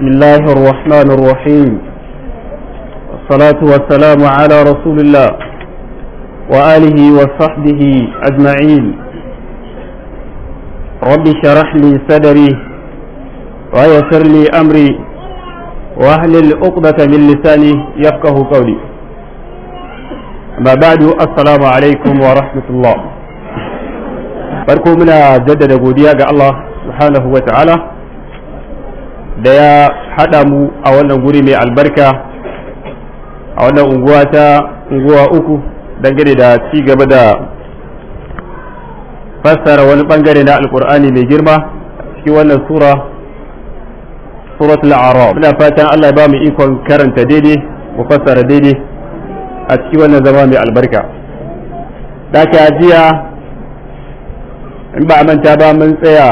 بسم الله الرحمن الرحيم والصلاة والسلام على رسول الله وآله وصحبه أجمعين رب شرح لي صدري ويسر لي أمري وأهل عقدة من لساني يفقه قولي أما بعد السلام عليكم ورحمة الله farko muna جدد godiya الله سبحانه وتعالى da ya haɗa mu a wannan guri mai albarka a wannan unguwa ta unguwa uku dangane da ci gaba da fassara wani bangare na alkur'ani mai girma cikin wannan sura surat al'arab muna fatan Allah ba mu ikon karanta daidai mu fassara daidai a cikin wannan zama mai albarka da ke ajiya in ba a manta ba mun tsaya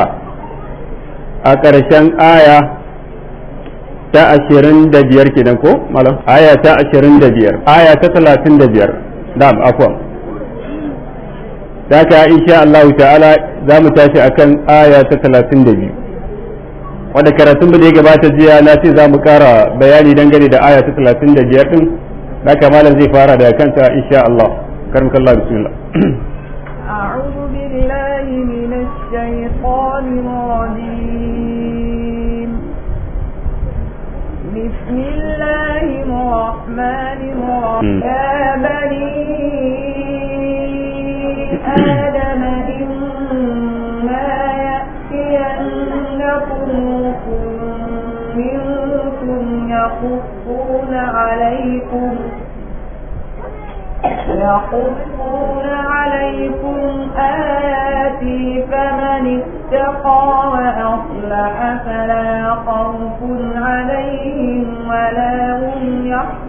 a ƙarshen aya ta ashirin da biyar kenan ko malam aya ta ashirin da biyar aya ta talatin da biyar dam afwan ta ka insha Allah ta'ala za mu tashi akan aya ta talatin da biyu wanda karatun da ya gabata jiya na ce za mu kara bayani dangane da aya ta talatin da biyar din da ka malam zai fara da kanta insha Allah karmakallah bismillah أعوذ بالله من الشيطان الرجيم بسم الله الرحمن الرحيم يا بني آدم إما يأتينكم منكم يخفون عليكم يقصون عليكم آياتي فمن اتقى وأصلح فلا خوف عليهم ولا هم يحزنون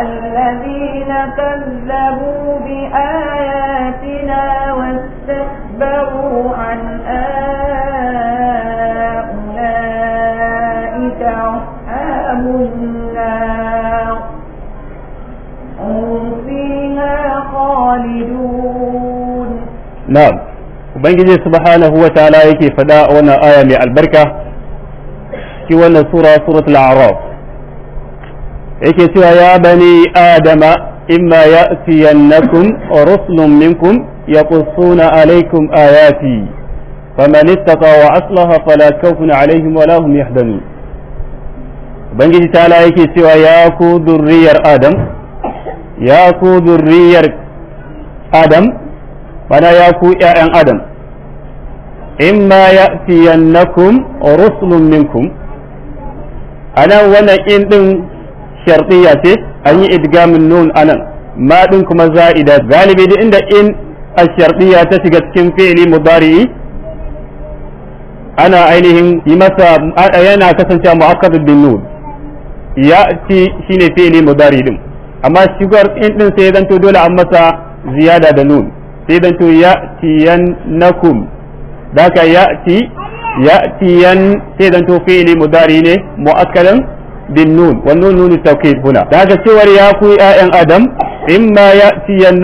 الذين كذبوا بآياتنا واستكبروا عن آياتنا نعم وبنجي سبحانه وتعالى يكي فداء ونا آية من البركة كي ونا سورة سورة الأعراف يكي سوى يا بني آدم إما يأتينكم رسل منكم يقصون عليكم آياتي فمن اتقى وأصلح فلا كوف عليهم ولا هم يحزنون وبنجي ta yake cewa ya ku durriyar آدم ya ku durriyar Adam, bana ya ku ƴaƴan adam in ma imma ya'tiyannakum rusulun minkum nan wannan in din shartiya ce an yi idgamin nun anan ma din kuma za'ida galibi duk inda in ashartiya ta shiga cikin fi'li mudari ana ainihin yi masa yana kasancewa mu'akkad bin nun ya'ti shine fi'li mudari din amma shigar in din sai zanto dole an masa ziyada da nun sai dan to ya'tiyannakum daka ya'ti ya'tiyan sai to fi'li mudari ne mu'akkadan bin nun wa nun nun tawkid huna daga cewar ya ku ya'yan adam imma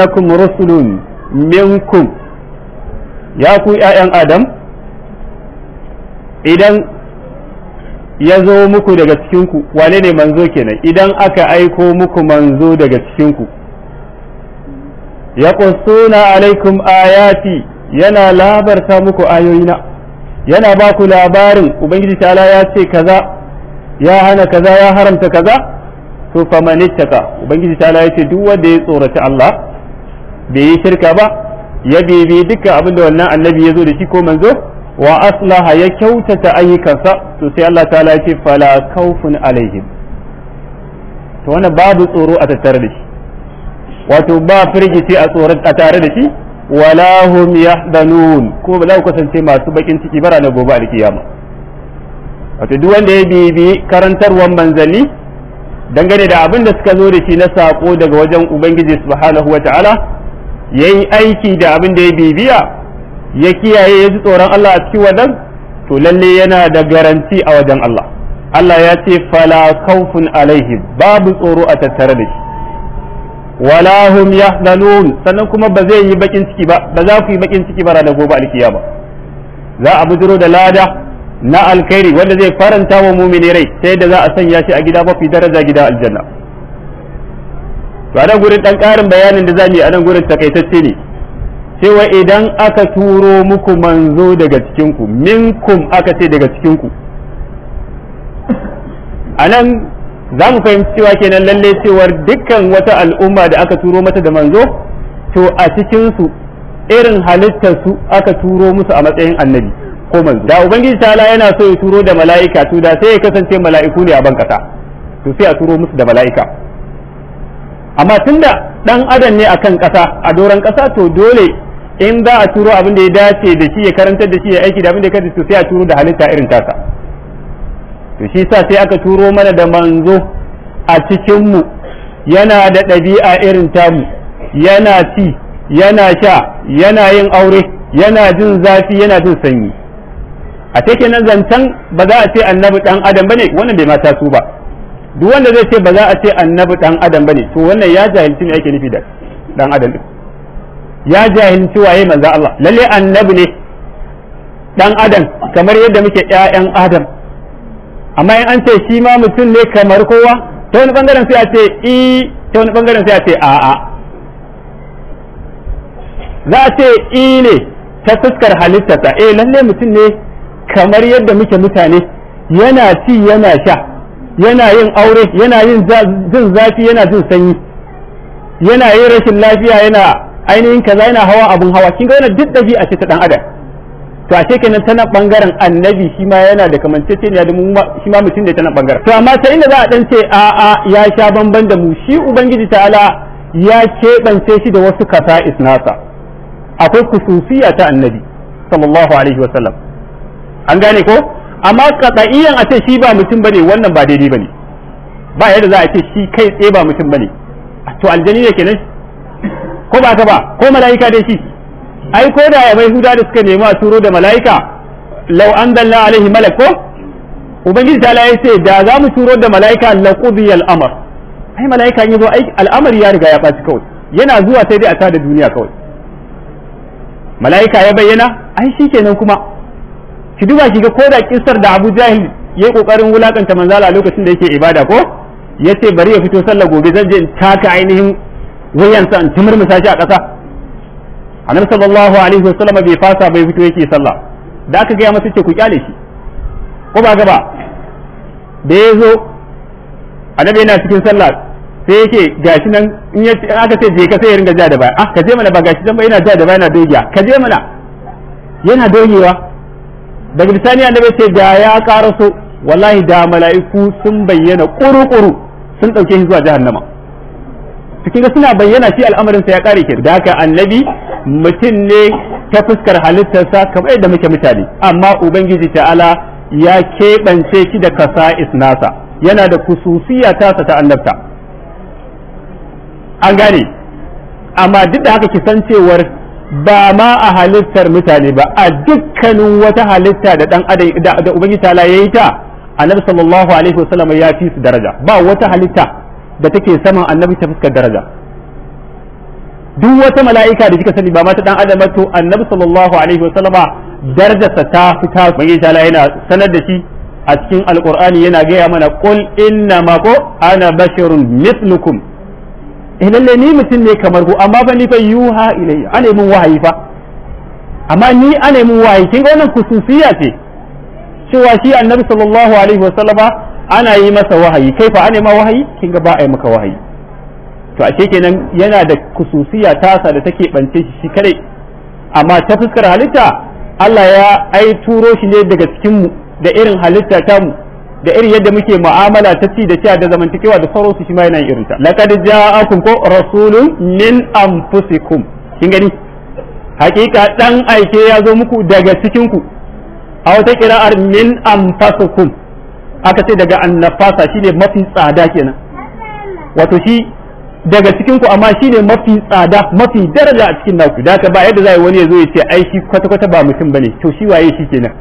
nakum rusulun minkum ya ku ya'yan adam idan ya zo muku daga cikinku wane ne manzo kenan idan aka aiko muku manzo daga cikinku ya "Suna alaikum ayati yana labarta muku ayoyina yana ba ku labarin ubangiji ta'ala ya ce kaza ya hana kaza ya haramta kaza to faman ittaka ubangiji ta'ala ya ce duk wanda ya tsorata Allah bai yi shirka ba ya bibi duka abinda wannan annabi ya zo da shi ko manzo wa aslaha ya kyautata ayyukansa to sai Allah ta'ala ya ce fala kaufun alaihim to wannan babu tsoro a tattare da shi wato ba firgici a tsoron a tare da shi wala hum yahdanun ko ba za ku kasance masu bakin ciki bara na gobe alkiyama wato duk wanda ya bibi karantarwar manzani dangane da abin da suka zo da shi na sako daga wajen ubangiji subhanahu wataala yayi aiki da abin da ya bibiya ya kiyaye ya ji tsoron Allah a cikin wadan to lalle yana da garanti a wajen Allah Allah ya ce fala khawfun alaihim babu tsoro a tattare da shi wala hum yahzanun sannan kuma ba zai yi bakin ciki ba ba za ku yi bakin ciki ba ranar gobe alkiyama za a bujiro da lada na alkhairi wanda zai faranta wa mumini rai sai da za a sanya shi a gida mafi daraja gida aljanna to a gurin dan karin bayanin da za mu yi a nan gurin takaitacce ne cewa idan aka turo muku manzo daga cikinku minkum aka ce daga cikinku a nan za mu fahimci cewa kenan lalle cewar dukkan wata al'umma da aka turo mata da manzo to a cikin su irin halittar su aka turo musu a matsayin annabi ko manzo da ubangiji ta'ala yana so ya turo da mala'ika to da sai ya kasance mala'iku ne a bankasa to sai a turo musu da mala'ika amma tunda dan adam ne akan kasa a doran kasa to dole in za a turo abin da ya dace da shi ya karantar da shi ya aiki da abin da ya karantar to sai a turo da halitta irin tasa to shi sa sai aka turo mana da manzo a cikinmu yana da ɗabi'a irin tamu yana ci yana sha yana yin aure yana jin zafi yana jin sanyi a cikin nan zancen ba za a ce annabi dan adam bane wannan bai mata su ba duk wanda zai ce ba za a ce annabi dan adam bane to wannan ya jahilci ne ake nufi da dan adam din ya jahilci waye manzo Allah lalle annabi ne dan adam kamar yadda muke ƴaƴan adam amma in an ce shi ma mutum ne kamar kowa ta wani bangaren sai a ce i ta wani bangaren sai a ce a'a za a ce i ne ta fuskar halittarsa e lalle mutum ne kamar yadda muke mutane yana ci yana sha yana yin aure yana yin jin zafi yana jin sanyi yana yin rashin lafiya yana ainihin kaza yana hawa abun hawa kin ga wannan duk dabi'a ce ta dan adam to ashe kenan tana bangaren annabi shi ma yana da kamanceceniya da shi ma mutum da tana bangaren to amma ta inda za a dan ce a a ya sha bamban da mu shi ubangiji ta'ala ya keɓance shi da wasu kasa'is nasa akwai kususiya ta annabi sallallahu alaihi wa sallam an gane ko amma kadaiyan a ce shi ba mutum bane wannan ba daidai bane ba yadda za a ce shi kai tsaye ba mutum bane to aljani ne kenan ko ba ka ba ko mala'ika dai shi ai ko da ya mai huda da suka nemi a turo da mala'ika law dalla alaihi malak ko ubangiji ta ya ce da za mu turo da mala'ika la qudiyal amr ai mala'ika ne zo ai al'amari ya riga ya baci kawai yana zuwa sai dai a tada duniya kawai mala'ika ya bayyana ai shikenan kuma ki duba ki ga ko da kissar da Abu Jahil yayi kokarin wulakanta manzala a lokacin da yake ibada ko yace bari ya fito sallah gobe zan je in taka ainihin sa in tumurmusa shi a ƙasa annabi sallallahu alaihi wasallam bai fasa bai fito yake sallah da aka gaya masa ce ku kyale shi ko ba gaba da ya zo annabi yana cikin sallah sai yake gashi nan in aka ce je ka sai ya ringa ja da baya ah ka je mana ba gashi dan ba yana ja da baya yana dogiya ka je mana yana dogewa daga bisani annabi ce ga ya karaso wallahi da mala'iku sun bayyana kuru-kuru sun dauke shi zuwa jahannama cikin ga suna bayyana shi al'amarin sa ya kare ke da haka annabi mutum ne ta fuskar halittarsa kamar yadda muke mutane amma ubangiji ta'ala ya keɓance shi da kasa isnasa yana da kususiya tasa ta annabta an gane amma duk da haka kisancewar ba ma a halittar mutane ba a dukkanin wata halitta da dan adam da ubangiji ta'ala yayi ta annabi sallallahu alaihi wasallam ya fi su daraja ba wata halitta da take saman annabi ta fuskar daraja duk wata mala'ika da kika sani ba mata dan adam to annabi sallallahu alaihi wasallama darajarsa ta fita bangi ta yana sanar da shi a cikin alqur'ani yana gaya mana qul inna ma ko ana basharun mithlukum eh lalle ni mutum ne kamar ku amma fa ni fa yuha ilayya ana mun wahayi fa amma ni ana mun wahayi kin ga wannan kususiya ce cewa shi annabi sallallahu alaihi wasallama ana yi masa wahayi kai fa ana ma wahayi kin ga ba a yi maka wahayi to a ashe kenan yana da kususiya tasa da take bance shi shi kadai amma ta fuskar halitta Allah ya ai turo shi ne daga cikin mu da irin halitta ta mu da irin yadda muke mu'amala ta ci da ciya da zamantakewa da sauransu shi ma yana irin ta laqad ja'akum ko rasulun min anfusikum kin gani hakika dan aike ya zo muku daga cikin ku a wata kira'ar min anfusikum aka ce daga annafasa shine mafi tsada kenan wato shi daga cikin ku amma shine mafi tsada mafi daraja a cikin naku da ba yadda zai wani ya zo ya ce ai shi kwata kwata ba mutum bane to shi waye shi kenan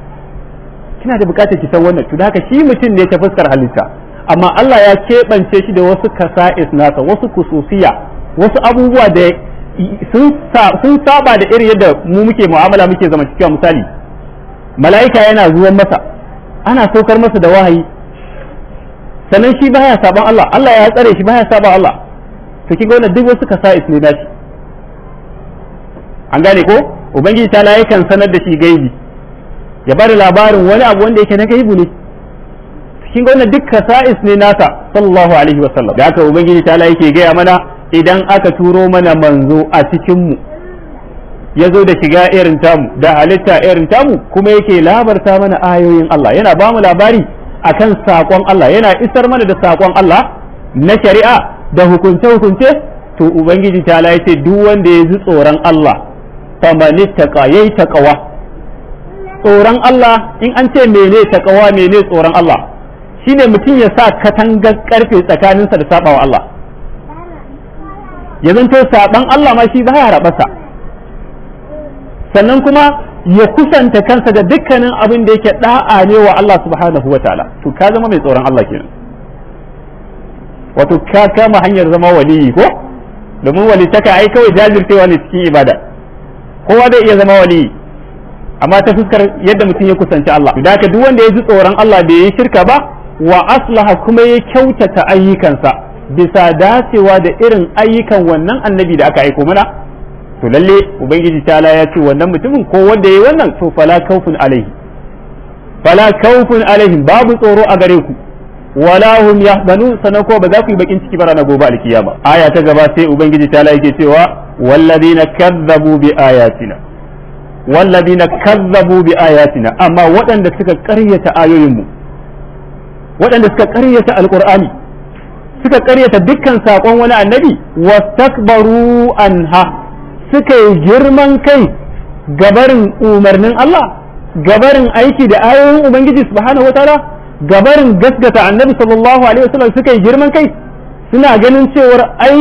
kina da bukatar ki san wannan to da shi mutum ne ta fuskar halitta amma Allah ya keɓance shi da wasu kasa'is nasa wasu kususiya wasu abubuwa da sun saba da irin yadda mu muke mu'amala muke zama cikin misali mala'ika yana zuwan masa ana saukar masa da wahayi sannan shi baya saban Allah Allah ya tsare shi baya saban Allah to kinga wannan duk wasu kasa'is ne nashi an gane ko ubangiji ta kan sanar da shi gaibi ya bada labarin wani abu wanda yake na gaibu ne kinga wannan duk kasa'is ne nasa sallallahu alaihi wa sallam da haka ubangiji ta yake gaya mana idan aka turo mana manzo a cikin mu ya zo da shiga irin tamu da halitta irin tamu kuma yake labarta mana ayoyin Allah yana ba mu labari akan sakon Allah yana isar mana da sakon Allah na shari'a da hukunce hukunce to ubangiji ta ya ce duk wanda ya ji tsoron Allah famani taqa yayi taqwa tsoron Allah in an ce mene taqwa mene tsoron Allah shine mutum ya sa katangar karfe tsakaninsa da sabawa Allah ya zanto saban Allah ma shi ba ya rabasa sannan kuma ya kusanta kansa da dukkanin abin da yake da'a ne wa Allah subhanahu wataala to ka zama mai tsoron Allah kenan wato ka kama hanyar zama waliyi ko domin walitaka ai kawai jajircewa ne cikin ibada kowa zai iya zama waliyi amma ta fuskar yadda mutum ya kusanci Allah da ka duk wanda ya ji tsoron Allah bai yi shirka ba wa aslaha kuma ya kyautata ayyukansa bisa dacewa da irin ayyukan wannan annabi da aka aiko mana to lalle ubangiji ta'ala ya ce wannan mutumin ko wanda yayi wannan to fala kaufun alaihi fala kaufun alaihim babu tsoro a gare ku wala hum yahzanun sanan ko ba za ku yi bakin ciki ba ranar gobe alkiyama aya ta gaba sai ubangiji ta yake cewa walladina kazzabu bi ayatina walladina kazzabu bi ayatina amma waɗanda suka ƙaryata ayoyinmu waɗanda suka ƙaryata alqur'ani suka ƙaryata dukkan saƙon wani annabi wastakbaru anha suka yi girman kai gabarin umarnin Allah gabarin aiki da ayoyin ubangiji subhanahu wataala gabarin gaskata annabi sallallahu alaihi wasallam suka yi girman kai suna ganin cewar ai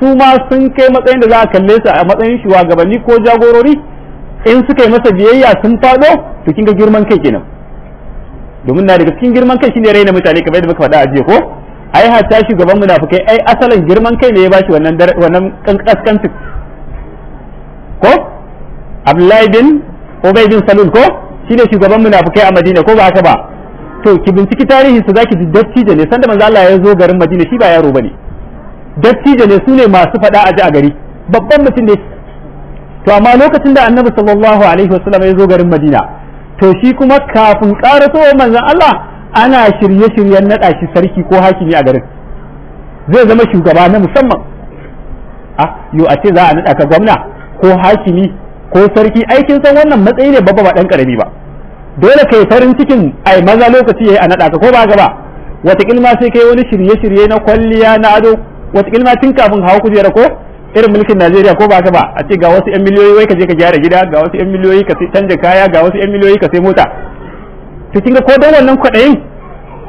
su ma sun kai matsayin da za a kalle su a matsayin shugabanni ko jagorori in suka yi masa biyayya sun fado to kin ga girman kai kenan domin na daga cikin girman kai shine raina mutane kamar yadda muka faɗa a jiya ko ai shi shugaban munafikai ai asalin girman kai ne ya bashi wannan wannan kankaskanci ko Abdullahi bin Ubay bin Salul ko shine shugaban munafikai a Madina ko ba haka ba to ki binciki tarihin su zaki ji dattijo ne sanda manzo Allah ya zo garin Madina shi ba yaro bane dattijo ne sune masu fada a ji a gari babban mutum ne to amma lokacin da Annabi sallallahu alaihi wasallam ya zo garin Madina to shi kuma kafin so manzo Allah ana shirye-shiryen naɗa shi sarki ko hakimi a garin zai zama shugaba na musamman a ah, yo a ce za a naɗa ka gwamna ko hakimi ko sarki aikin san wannan matsayi ne babba ba ɗan ƙarami ba dole kai farin cikin ai maza lokaci yayi a nada ka ko ba gaba wata kilma sai kai wani shirye-shirye na kwalliya na ado wata kilma tun kafin hawa kujera ko irin mulkin Najeriya ko ba ka ba a ce ga wasu 'yan miliyoyi wai ka je ka gyara gida ga wasu 'yan miliyoyi ka canja kaya ga wasu 'yan miliyoyi ka sai mota to kin ko don wannan kwaɗayin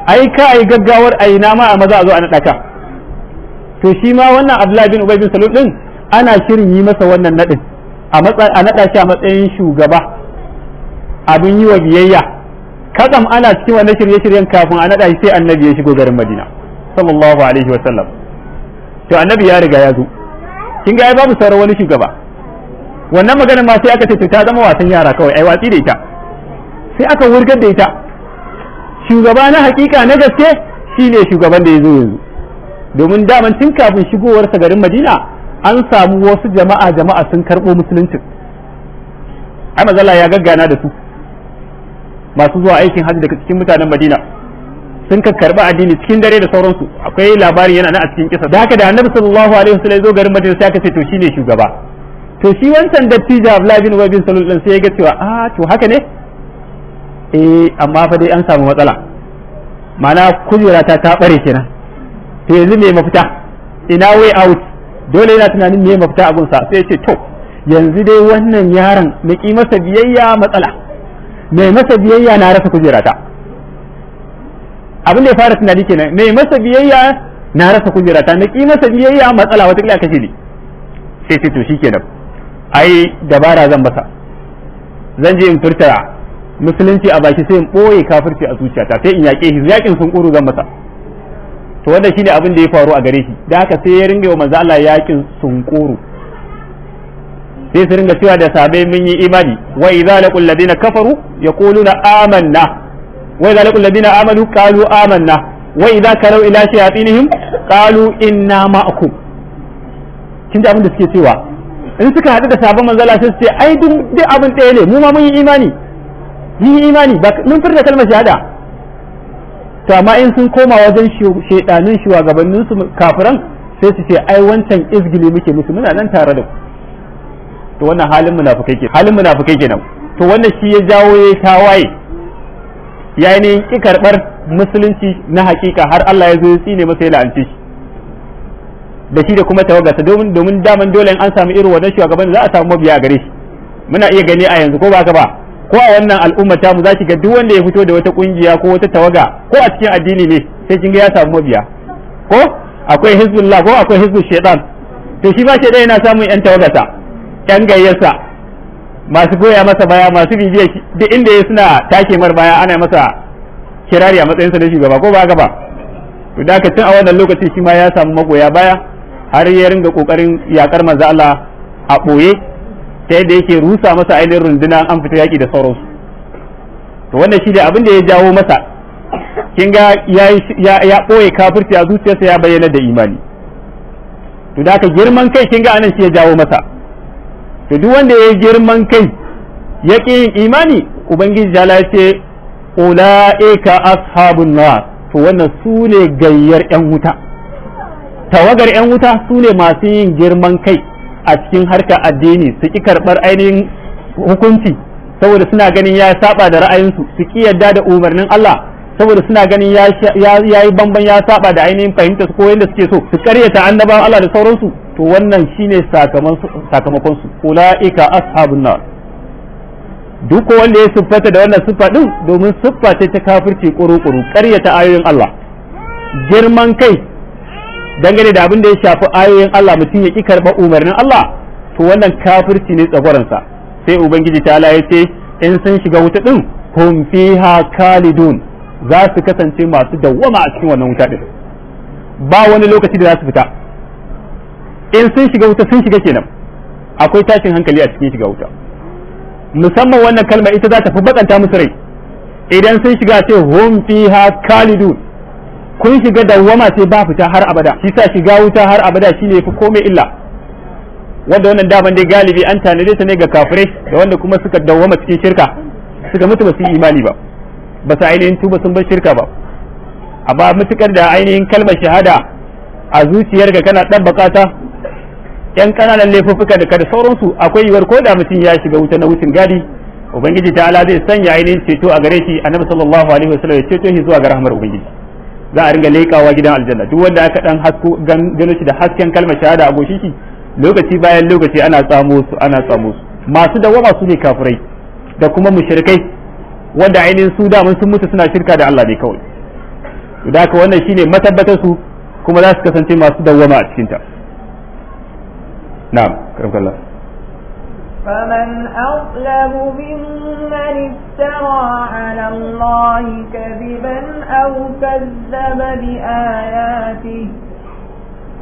ai ka ai gaggawar ai na ma a maza a zo a nada ka to shi ma wannan Abdullahi bin Ubay bin Salul din ana shirin yi masa wannan naɗin a nada shi a matsayin shugaba abin yi wa biyayya kadam ana cikin wannan shirye-shiryen kafin a naɗa shi sai annabi ya shigo garin madina sallallahu alaihi wa sallam to annabi ya riga ya zo kin ga ai babu sauran wani shugaba wannan magana ma sai aka ce ta zama wasan yara kawai ai watsi da ita sai aka wurgar da ita shugaba na hakika na gaske shine shugaban da ya zo yanzu domin daman tun kafin shigowarsa garin madina an samu wasu jama'a jama'a sun karbo musuluncin ai mazalla ya gaggana da su masu zuwa aikin hajji daga cikin mutanen Madina sun ka karɓi addini cikin dare da sauransu akwai labarin yana nan a cikin kisa da haka da annabi sallallahu alaihi wasallam zo garin Madina sai aka ce to shine shugaba to shi wancan dattijo Abdullah bin Ubay bin Salul sai ya ga cewa ah to haka ne eh amma fa dai an samu matsala mana kujera ta ta bare kenan to yanzu me mafita ina way out dole yana tunanin me mafita a gunsa sai ya ce to yanzu dai wannan yaron na masa biyayya matsala mai masa biyayya na rasa kujerata abin da ya fara tunani kenan mai masa biyayya na rasa kujerata na ki masa biyayya matsala wata kila kashe ne sai sai to shikenan ai dabara zan masa zan je in furta musulunci a baki sai in boye kafirci a zuciyata sai in yaƙe shi yaƙin sun ƙuru zan masa to wanda shine abin da ya faru a gare shi da haka sai ya ringa wa manzo Allah yaƙin sun ƙuru sai su ringa cewa da sabai mun yi imani wa idza laqul ladina kafaru yaquluna amanna wa idza laqul ladina amanu qalu amanna wa idza karaw ila shayatinihim qalu inna ma'akum kin ji abin da suke cewa in suka haɗu da sabon manzala sai su ce ai duk duk abin ɗaya ne mu ma mun yi imani mun yi imani ba mun furta kalmar shahada to amma in sun koma wajen shedanun shugabannin su kafiran sai su ce ai wancan izgili muke musu muna nan tare da ku to wannan halin munafikai ke halin munafikai kenan to wannan shi ya jawo ya tawaye ya ne ki karbar musulunci na hakika har Allah ya zo ya tsine masa ya la'anci shi da shi da kuma tawagarsa domin domin daman dole an samu irin wannan shugaban za a samu mabiya gare shi muna iya gani a yanzu ko ba ka ba ko a wannan al'umma ta mu za ki ga duk wanda ya fito da wata kungiya ko wata tawaga ko a cikin addini ne sai kin ga ya samu mabiya ko akwai hizbullah ko akwai hizbul shaytan to shi ba shaitan yana samun yan tawagarsa yan gayyarsa masu goya masa baya masu bibiya duk inda ya suna take mar baya ana masa kirari a matsayinsa na shugaba ko ba ga ba to da tun a wannan lokaci shi ma ya samu magoya baya har ya ringa kokarin yakar manzo Allah a boye ta yadda yake rusa masa ainihin runduna an fita yaki da sauransu to wannan shi da abin da ya jawo masa kin ga ya ɓoye kafirci a zuciyarsa ya bayyana da imani to da girman kai kin ga anan shi ya jawo masa to duk wanda ya yi girman kai ya ƙi yin imani ubangiji jala ce ula'ika ashabun na to wannan su ne gayyar yan wuta tawagar yan wuta su ne masu yin girman kai a cikin harkar addini su ki karɓar ainihin hukunci saboda suna ganin ya saba da ra'ayinsu su ki yarda da umarnin Allah saboda suna ganin ya yi bamban ya saba da ainihin fahimtar ko yadda suke so su karyata annabawan Allah da sauransu to wannan shine sakamakon su ulaika ashabun nar duk wanda ya siffata da wannan siffa din domin siffa ce ta kafirci kuru-kuru ta ayoyin Allah girman kai dangane da abin da ya shafi ayoyin Allah mutum ya ki karɓa umarnin Allah to wannan kafirci ne tsagwaransa sai ubangiji ta ya ce in sun shiga wuta din hum fiha kalidun za su kasance masu dawwama a cikin wannan wuta din ba wani lokaci da za su fita in sun shiga wuta sun shiga kenan akwai tashin hankali a cikin shiga wuta musamman wannan kalma ita za ta fi bakanta musu rai idan sun shiga ce hum fiha kalidun kun shiga dawwama sai ba fita har abada shi sa shiga wuta har abada shine fi komai illa wanda wannan daman dai galibi an tanade ta ne ga kafirai da wanda kuma suka dawwama cikin shirka suka mutu ba su imani ba ba su ainihin tuba sun bar shirka ba amma mutukar da ainihin kalmar shahada a zuciyar ga kana dan bakata yan kananan laifuffuka da kada sauransu akwai yiwuwar ko da mutum ya shiga wuta na wucin gadi ubangiji ala zai sanya ainihin ceto a gare shi annabi sallallahu alaihi wasallam ya ceto shi zuwa ga rahmar ubangiji za a ringa lekawa gidan aljanna duk wanda aka dan hasko gano shi da hasken kalmar shahada a goshin shi lokaci bayan lokaci ana tsamo su ana tsamo su masu dawama su ne kafirai da kuma mushrikai wanda ainihin su da mun sun mutu suna shirka da Allah ne kawai da haka wannan ne matabbatar su kuma za su kasance masu dawama a cikin ta نعم كرمك الله فمن أظلم ممن افترى على الله كذبا أو كذب بآياته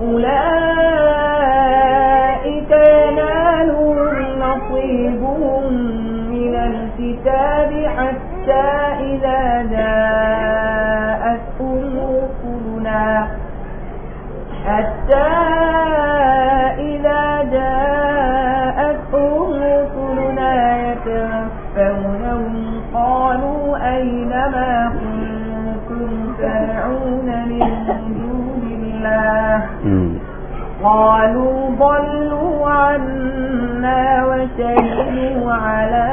أولئك ينالهم نصيبهم من الكتاب حتى إذا جاءتهم رسلنا حتى إذا جاءتهم رسلنا يتوفونهم قالوا أينما كنتم تدعون من دون الله قالوا ضلوا عنا وشهدوا على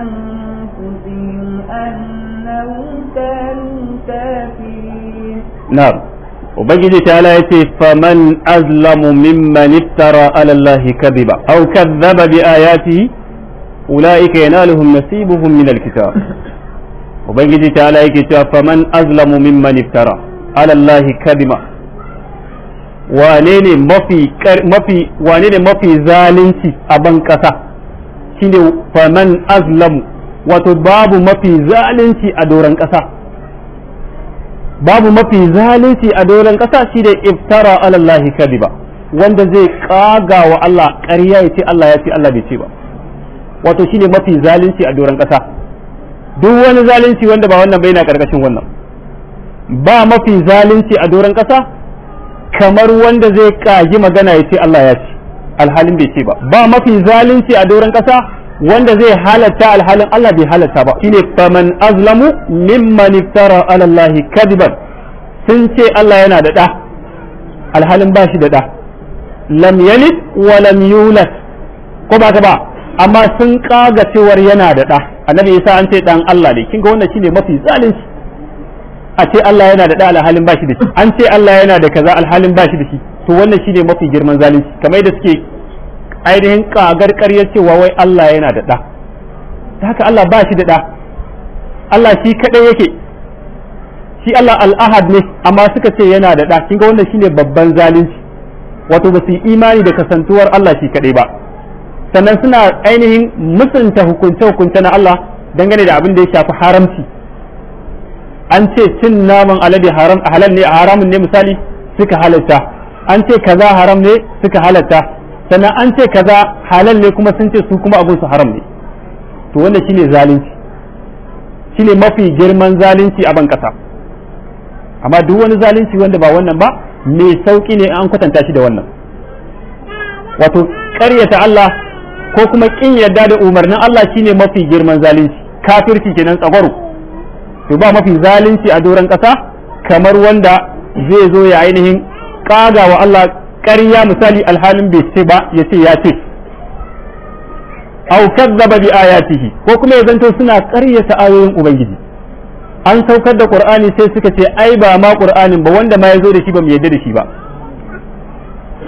أنفسهم أنهم كانوا كافرين نعم ubangiji ta ya ce faman azlamu mimman iftara ala Allah kadhiba aw kadhaba bi ayatihi ulaika yanaluhum nasibuhum min alkitab ubangiji ta ya yake cewa faman azlamu mimman iftara ala Allah kadhiba wane ne mafi mafi wane ne mafi zalunci a ban kasa shine faman azlamu wato babu mafi zalunci a doran kasa babu mafi zalunci a doron ƙasa shi da iftara alallahi kadiba wanda zai ƙaga wa Allah ƙarya ya ce Allah ya ce Allah bai ce ba wato shi ne mafi zalunci a doron ƙasa duk wani zalunci wanda ba wannan bai na ƙarƙashin wannan ba mafi zalunci a doron ƙasa kamar wanda zai ƙagi magana ya ce Allah ya ce alhalin bai ce ba ba mafi zalunci a doron ƙasa wanda zai halatta alhalin Allah bai halatta ba shine faman azlamu mimman iftara ala Allah kadiban sun ce Allah yana da da alhalin ba shi da da lam yalid wa lam yulad ko ba ka ba amma sun kaga cewar yana da da annabi Isa an ce dan Allah ne kin ga wannan shine mafi zalunci a ce Allah yana da da alhalin ba shi da shi an ce Allah yana da kaza alhalin ba shi da shi to wannan shine mafi girman zalunci kamar yadda suke ainihin kagar karyar cewa wai Allah yana da ɗa haka Allah ba shi da ɗa Allah shi kaɗai yake shi Allah al'ahad ne amma suka ce yana da ɗa wanda wannan shine babban zalunci wato ba su yi imani da kasantuwar Allah shi kaɗai ba sannan suna ainihin musunta hukunce-hukunce na Allah dangane da abin da ya shafi haramci an ce cin naman alade haram halal ne haramun ne misali suka halatta an ce kaza haram ne suka halatta sannan an ce kaza halal ne kuma sun ce su kuma abin su haram ne to wanda shine zalunci shine mafi girman zalunci a ban kasa amma duk wani zalunci wanda ba wannan ba mai sauki ne an kwatanta shi da wannan wato ƙaryata Allah ko kuma kin yarda da umarnin Allah shine mafi girman zalunci kafirci kenan tsagwaro to ba mafi zalunci a doron kasa kamar wanda zai zo ya ainihin kaga wa Allah ƙarya misali alhalin bai ce ba ya ce ya ce au kazzaba bi ayatihi ko kuma ya zanto suna ta ayoyin ubangiji an saukar da qur'ani sai suka ce ai ba ma qur'anin ba wanda ma ya zo da shi ba mu yadda da shi ba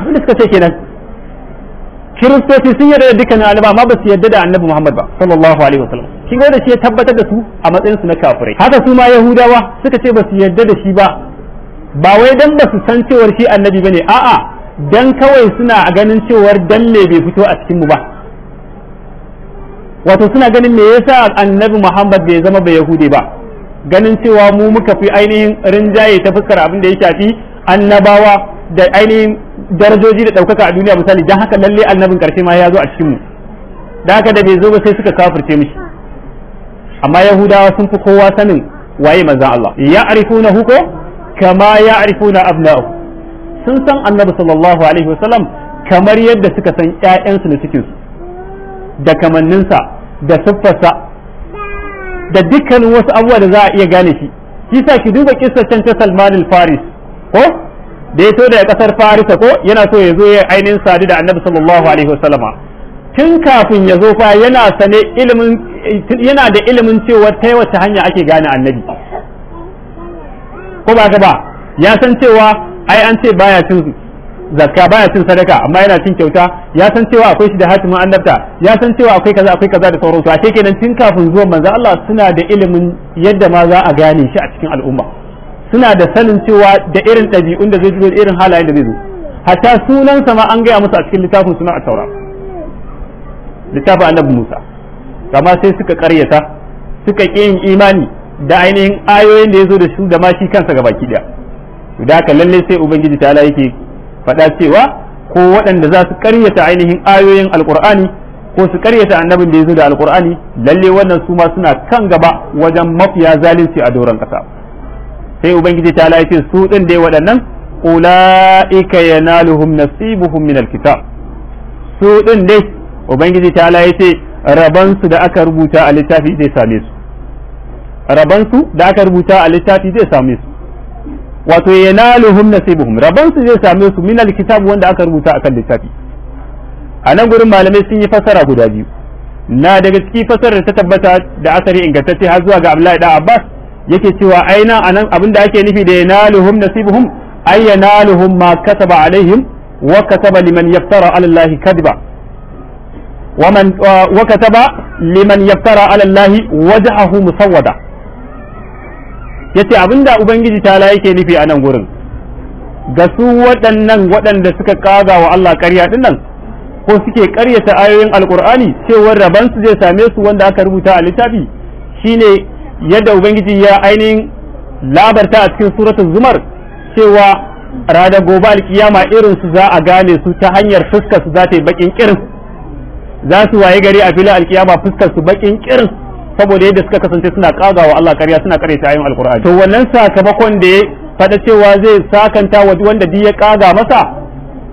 abin da suka ce kenan kiristoci sun yarda da dukkanin annabi amma ba su yarda da annabi Muhammad ba sallallahu alaihi wasallam kin ga da shi ya tabbatar da su a matsayin su na kafirai haka su ma yahudawa suka ce ba su yarda da shi ba ba wai dan ba su san cewar shi annabi bane a'a dan kawai suna ganin cewar dan me bai fito a cikinmu ba wato suna ganin me yasa annabi Muhammad bai zama bai Yahudi ba ganin cewa mu muka fi ainihin rinjaye ta fuskar abin da ya shafi annabawa da ainihin darajoji da ɗaukaka a duniya misali dan haka lalle annabin ƙarshe ma ya zo a cikinmu da haka da bai zo ba sai suka kafirce mishi amma yahudawa sun fi kowa sanin waye manzon Allah ya arifuna huko kama ya abna'u sun san annabi sallallahu alaihi wasallam kamar yadda suka san ƴaƴansu da cikin su da kamanninsa da siffarsa da dukkanin wasu abubuwa da za a iya gane shi shi sa ki duba kissar can ta Salman al-Faris ko da ya so daga kasar Farisa ko yana so ya zo ya ainihin sadu da annabi sallallahu alaihi wasallama tun kafin ya zo fa yana sane ilimin yana da ilimin cewa ta wace hanya ake gane annabi ko ba ba ya san cewa ai an ce baya cin zakka baya cin sadaka amma yana cin kyauta ya san cewa akwai shi da hatimin annabta ya san cewa akwai kaza akwai kaza da sauransu ashe kenan tun kafin zuwan manzo Allah suna da ilimin yadda ma za a gane shi a cikin al'umma suna da sanin cewa da irin ɗabi'un da zai zo irin halayen da zai zo hatta sunansa ma an gaya musu a cikin littafin suna a taura littafin annabi Musa kama sai suka karyata suka ƙi yin imani da ainihin ayoyin da ya zo da su da ma shi kansa gabaki daya da ka lalle sai ubangiji ala yake faɗa cewa ko waɗanda za su karyata ainihin ayoyin alqur'ani ko su karyata annabin da ya zo da alqur'ani lalle wannan su ma suna kan gaba wajen mafiya zalunci a doron kasa sai ubangiji ta ala yake su din dai waɗannan ulaika yanaluhum nasibuhum min alkitab su din dai ubangiji ala yake rabansu da aka rubuta a littafi zai same su rabansu da aka rubuta a littafi zai same su wato yanaluhum nasibuhum rabon su zai same su min alkitab wanda aka rubuta akan littafi a nan gurin malamai sun yi fasara guda biyu na daga ciki fasarar ta tabbata da asari ingantacce har zuwa ga Abdullahi da Abbas yake cewa aina anan abin da ake nufi da yanaluhum nasibuhum ay yanaluhum ma kataba alaihim wa kataba liman yaftara ala Allah kadiba wa man wa kataba liman yaftara ala Allah wajhahu musawwada yace abinda ubangiji ta yake nufi a nan gurin ga su waɗannan waɗanda suka kaga wa Allah ƙarya din nan ko suke ƙaryata ayoyin alkur'ani cewa raban su zai same su wanda aka rubuta a littafi shine yadda ubangiji ya ainihin labarta a cikin suratul zumar cewa rada gobe alkiyama irin su za a gane su ta hanyar fuskar su za ta yi bakin kirin za su waye gari a filin alkiyama fuskar su bakin kirin saboda yadda suka kasance suna wa Allah kariya suna ƙarya ta ayoyin alqur'ani to wannan sakamakon da ya fada cewa zai sakanta wanda duk ya kaga masa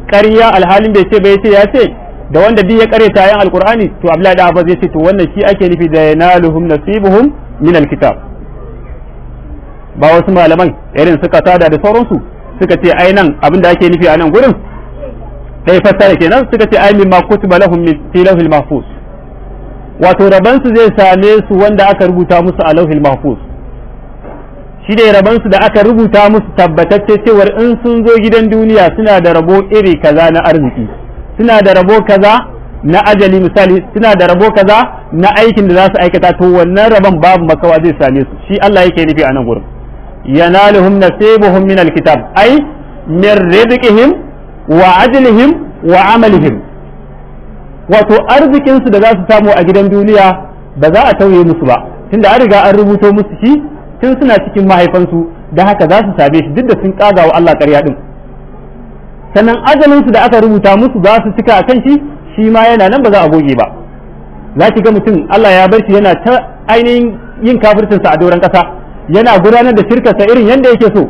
kariya alhalin bai ce bai ce ya ce da wanda duk ya ƙarya ta ayoyin alqur'ani to Abdullahi da Abba zai ce to wannan shi ake nufi da yanaluhum nasibuhum min alkitab ba wasu malaman irin suka tada da sauransu suka ce ai nan abin da ake nufi a nan gurin dai fassara kenan suka ce ai mimma kutiba lahum min lahil mahfuz wato rabansu zai same su wanda aka rubuta musu a lauhil mahfuz shi ne rabansu da aka rubuta musu tabbatacce cewar in sun zo gidan duniya suna da rabo iri kaza na arziki suna da rabo kaza na ajali misali suna da rabo kaza na aikin da za su aikata to wannan rabon babu makawa zai same su shi Allah yake nufi a nan gurin yanaluhum nasibuhum min alkitab ai min rizqihim wa ajlihim wa amalihim wato arzikinsu da za su samu a gidan duniya ba za a tauye musu ba tunda an riga an rubuto musu shi tun suna cikin mahaifansu da haka za su same shi duk da sun kaga wa Allah ƙarya din sannan ajalinsu da aka rubuta musu za su cika kan shi shi ma yana nan ba za a goge ba za ki ga mutum Allah ya bar shi yana ta ainihin yin kafircinsa a doron ƙasa yana gudanar da shirkarsa irin yadda yake so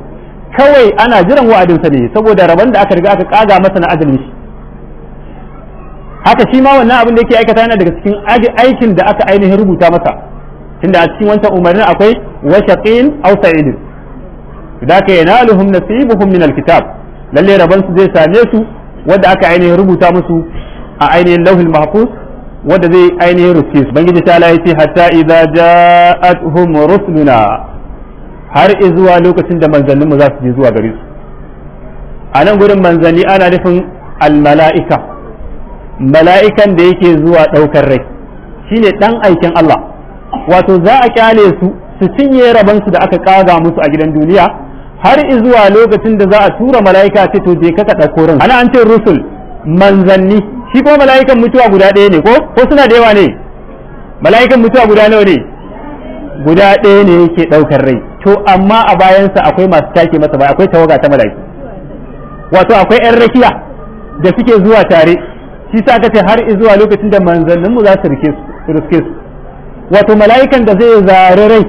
kawai ana jiran wa'adinsa ne saboda rabon da aka riga aka kaga masa na ajalin shi haka shi ma wannan abin da yake aikata yana daga cikin aikin da aka ainihin rubuta masa tunda a cikin wancan umarnin akwai wa shaqin aw sa'id yana lahum nasibuhum min alkitab lalle raban su zai same su wanda aka ainihin rubuta musu a ainihin lauhul mahfuz wanda zai ainihin rufe su bangiji ta Allah yace hatta idza ja'atuhum rusuluna har zuwa lokacin da mu za su je zuwa gare su a nan gurin manzanni ana nufin almala'ika mala'ikan da yake zuwa ɗaukar rai shine ɗan aikin Allah wato za a kyale su su cinye rabansu da aka kaga musu a gidan duniya har zuwa lokacin da za a tura mala'ika ce to je ka ɗauko rin ana an ce rusul manzanni shi ko mala'ikan mutuwa guda ɗaya ne ko ko suna da yawa ne mala'ikan mutuwa guda nawa ne guda ɗaya ne yake ɗaukar rai to amma a bayansa akwai masu take masa baya akwai tawaga ta mala'iku wato akwai 'yan rakiya da suke zuwa tare shi sa aka ce har zuwa lokacin da manzannin mu za su riske su wato mala'ikan da zai zare rai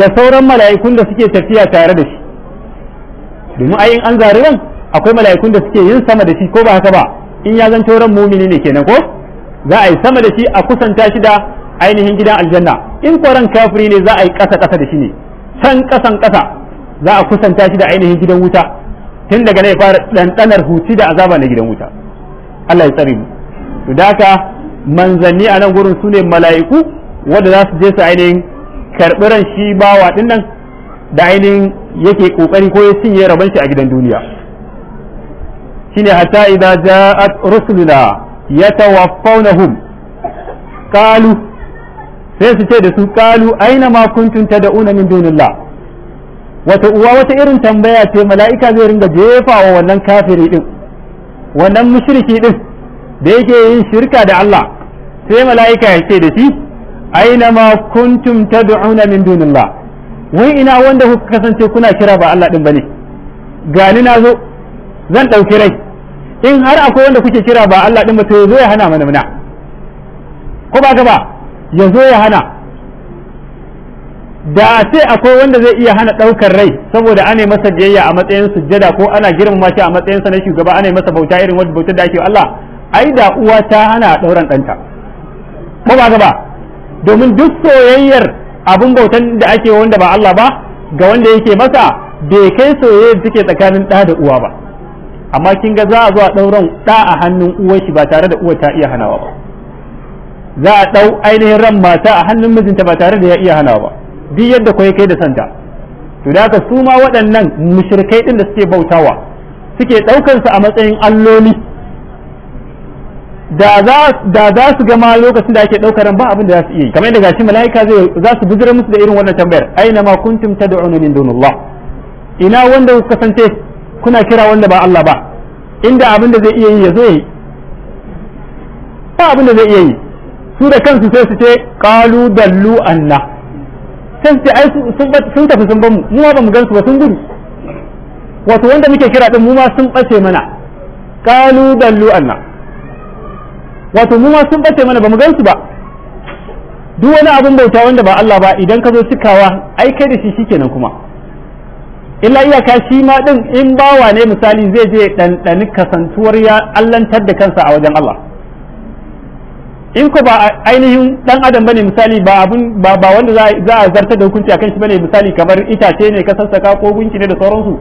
da sauran mala'ikun da suke tafiya tare da shi domin ai in an zare ran akwai mala'ikun da suke yin sama da shi ko ba haka ba in ya zanto ran mumini ne kenan ko za a yi sama da shi a kusanta shi da ainihin gidan aljanna in kwaran kafiri ne za a yi ƙasa ƙasa da shi ne can ƙasan ƙasa za a kusanta shi da ainihin gidan wuta tun daga ne fara ɗanɗanar huci da azaba na gidan wuta Allah ya tsare mu to da haka manzanni a nan gurin sune mala'iku wanda za su je su ainihin karɓi ran shi bawa din nan da ainihin yake kokari ko ya cinye raban shi a gidan duniya shine hatta idza ja'at rusuluna yatawaffawnahum qalu sai su ce da su qalu aina ma kuntum tad'una min dunillah wata uwa wata irin tambaya ce mala'ika zai ringa jefa wa wannan kafiri din wannan mushriki ɗin da yake yin shirka da Allah sai mala'ika ya ce da shi aina ma kuntum tad'una min dunillah wai ina wanda kuka kasance kuna kira ba Allah din bane gani na zo zan ɗauki rai in har akwai wanda kuke kira ba Allah ɗin ba to zo ya hana mana muna ko ba ga ba ya hana da a ce akwai wanda zai iya hana ɗaukar rai saboda ana masa biyayya a matsayin sujjada ko ana girmama shi a matsayin sa na shugaba ana masa bauta irin wadda bautar da ake Allah ai da uwa ta hana ɗauran ɗanta ko ba gaba domin duk soyayyar abin bautan da ake wanda ba Allah ba ga wanda yake masa bai kai soyayyar take tsakanin ɗa da uwa ba amma kin ga za a zo a ɗauran ɗa a hannun uwar shi ba tare da uwar ta iya hanawa ba za a ɗau ainihin ran mata a hannun mijinta ba tare da ya iya hanawa ba bi yadda kwaye kai da santa to da haka su ma waɗannan mushrikai din da suke bautawa suke su a matsayin alloli da za su gama lokacin da ake ɗaukar ba abin da za su iya yi kamar yadda gashi mala'ika zai za su bujira musu da irin wannan tambayar aina ma kuntum tad'una min dunillah ina wanda ku kasance kuna kira wanda ba Allah ba inda abin da zai iya yi ya zo yi ba abin da zai iya yi su da kansu sai su ce qalu dallu anna sai su ai sun tafi sun ban mu mu ba mu gansu ba sun gudu wato wanda muke kira din mu ma sun bace mana Kalu, dallu anna wato mu ma sun bace mana ba mu gansu ba duk wani abin bauta wanda ba Allah ba idan ka zo cikawa ai kai da shi shikenan kuma illa iyaka shi ma din in bawa ne misali zai je dan kasantuwar ya allantar da kansa a wajen Allah in ko ba ainihin dan adam bane misali ba abun ba ba wanda za a zarta da hukunci akan shi bane misali kamar itace ne ka sassaka ko gunki ne da sauransu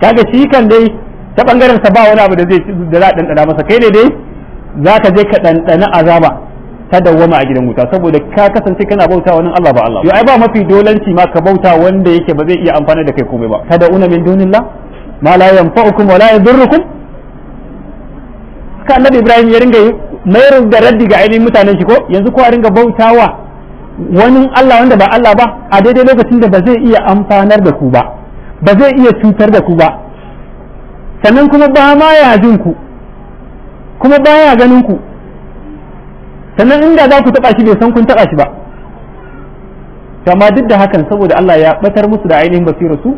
kaga shi kan dai ta bangaren sa ba wani abu da zai da za dan dandana masa kai ne dai za ka je ka dandana azaba ta dawwama a gidan wuta saboda ka kasance kana bauta wani Allah ba Allah yo ai ba mafi dolanci ma ka bauta wanda yake ba zai iya amfana da kai komai ba kada una min dunillah ma la yanfa'ukum wa la yadurrukum ka annabi Ibrahim ya ringa mayar da raddi ga ainihin mutanen shi ko yanzu kuwa a ringa bautawa wani Allah wanda ba Allah ba a daidai lokacin da ba zai iya amfanar da ku ba ba zai iya cutar da ku ba sannan kuma ba ma ya jin ku kuma ba ya ganin ku sannan inda za ku taɓa shi bai san kun taɓa shi ba kama duk da hakan saboda Allah ya batar musu da ainihin basirarsu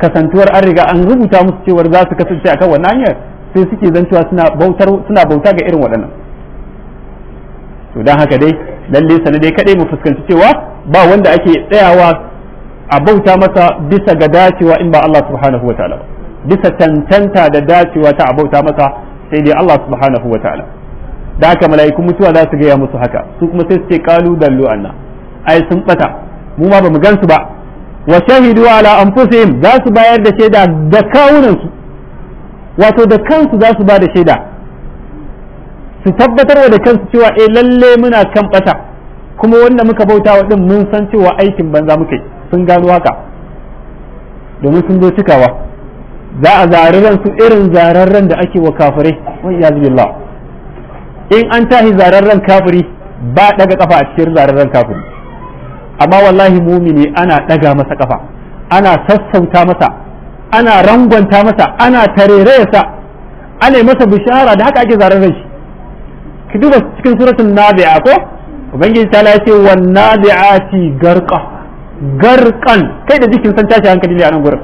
kasantuwar an riga an rubuta musu cewar za su kasance akan wannan hanyar sai suke zantuwa suna bautar suna bauta ga irin waɗannan to dan haka dai lalle dai kadai mu fuskanci cewa ba wanda ake tsayawa a bauta masa bisa ga dacewa in ba Allah subhanahu wa ta'ala bisa tantanta da dacewa ta a bauta masa sai dai Allah subhanahu wa ta'ala da haka mala'ikun mutuwa za su gaya musu haka su kuma sai su ce kalu dallu anna ai sun bata mu ma bamu gansu ba wa shahidu ala anfusihim za su bayar da shaida da kawunan su wato da kansu za su ba da shaida su tabbatar da kansu cewa eh lalle muna kan bata kuma wanda muka bauta wa din mun san cewa aikin banza muke sun gano haka domin sun zo cikawa za a zari ran su irin zararren da ake wa kafirai wa billah in an tahi zararren kafiri ba daga kafa a cikin zararren kafiri amma wallahi mumini ana daga masa kafa ana sassauta masa ana rangwanta masa ana tarerayarsa ana masa bishara da haka ake zararren shi ki duba cikin suratul nabi'a ko ubangiji ta la ce wan nabi'ati garqa garqan kai da jikin san tashi hankali ne a nan gurin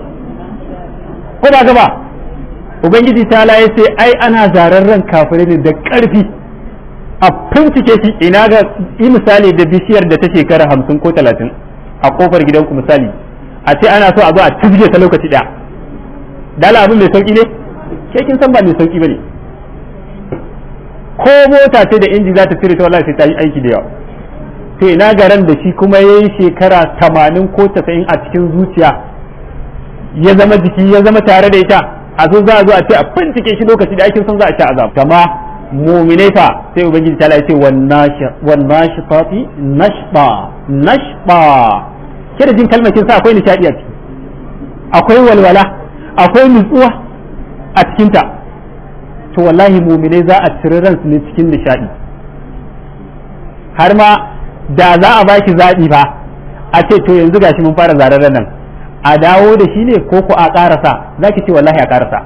ko ba gaba ubangiji ta la ce ai ana zararren kafire ne da karfi a fintike shi ina ga yi misali da bishiyar da ta shekara hamsin ko talatin a kofar gidanku misali a ce ana so a zo a tubje ta lokaci daya dala abin mai sauki ne ke kin san ba mai sauki bane ko mota ce da inji za ta cire ta wallahi sai ta yi aiki da yawa sai na garan da shi kuma ya yi shekara tamanin ko tasa'in a cikin zuciya ya zama jiki ya zama tare da ita a so za a zo a ce a bincike shi lokaci da aikin son za a ci azab kama mominai fa sai ubangiji ta ce wan nashitati nashba nashba kira jin kalmar kin sa akwai nishadi a ciki akwai walwala akwai nutsuwa a cikinta to wallahi muminai za a ciri ransu ne cikin nishadi har ma da za a baki zaɓi ba a ce to yanzu gashi mun fara zararren nan a dawo da shi ne ko ko a ƙarasa za ki ce wallahi a ƙarasa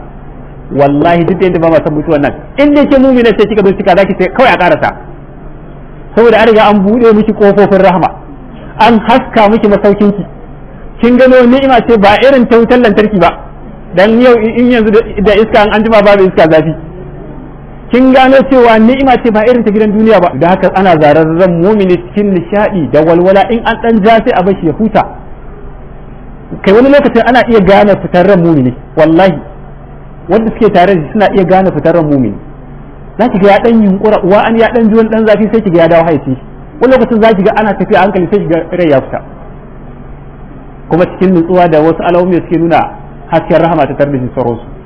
wallahi duk yadda ba ma san mutuwan nan in dai ke mumina sai kika bincika za ki ce kawai a ƙarasa saboda an riga an buɗe miki kofofin rahama an haska miki masaukin ki kin gano ni'ima ce ba irin ta wutar lantarki ba dan yau in yanzu da iska an anjima babu iska zafi kin gano cewa ni'ima ce ba irin ta gidan duniya ba da haka ana zarar zararren mumini cikin nishadi da walwala in an dan ja sai a bashi ya huta kai wani lokacin ana iya gane fitarren mumini wallahi wanda suke tare da suna iya gane fitarren mumini za ki ga ya dan yunkura uwa an ya dan ji wani dan zafi sai ki ga ya dawo haifi wani lokacin za ki ga ana tafiya hankali sai ki ga rai ya fita kuma cikin nutsuwa da wasu alamomi suke nuna hasken rahama ta tarbiyar sauransu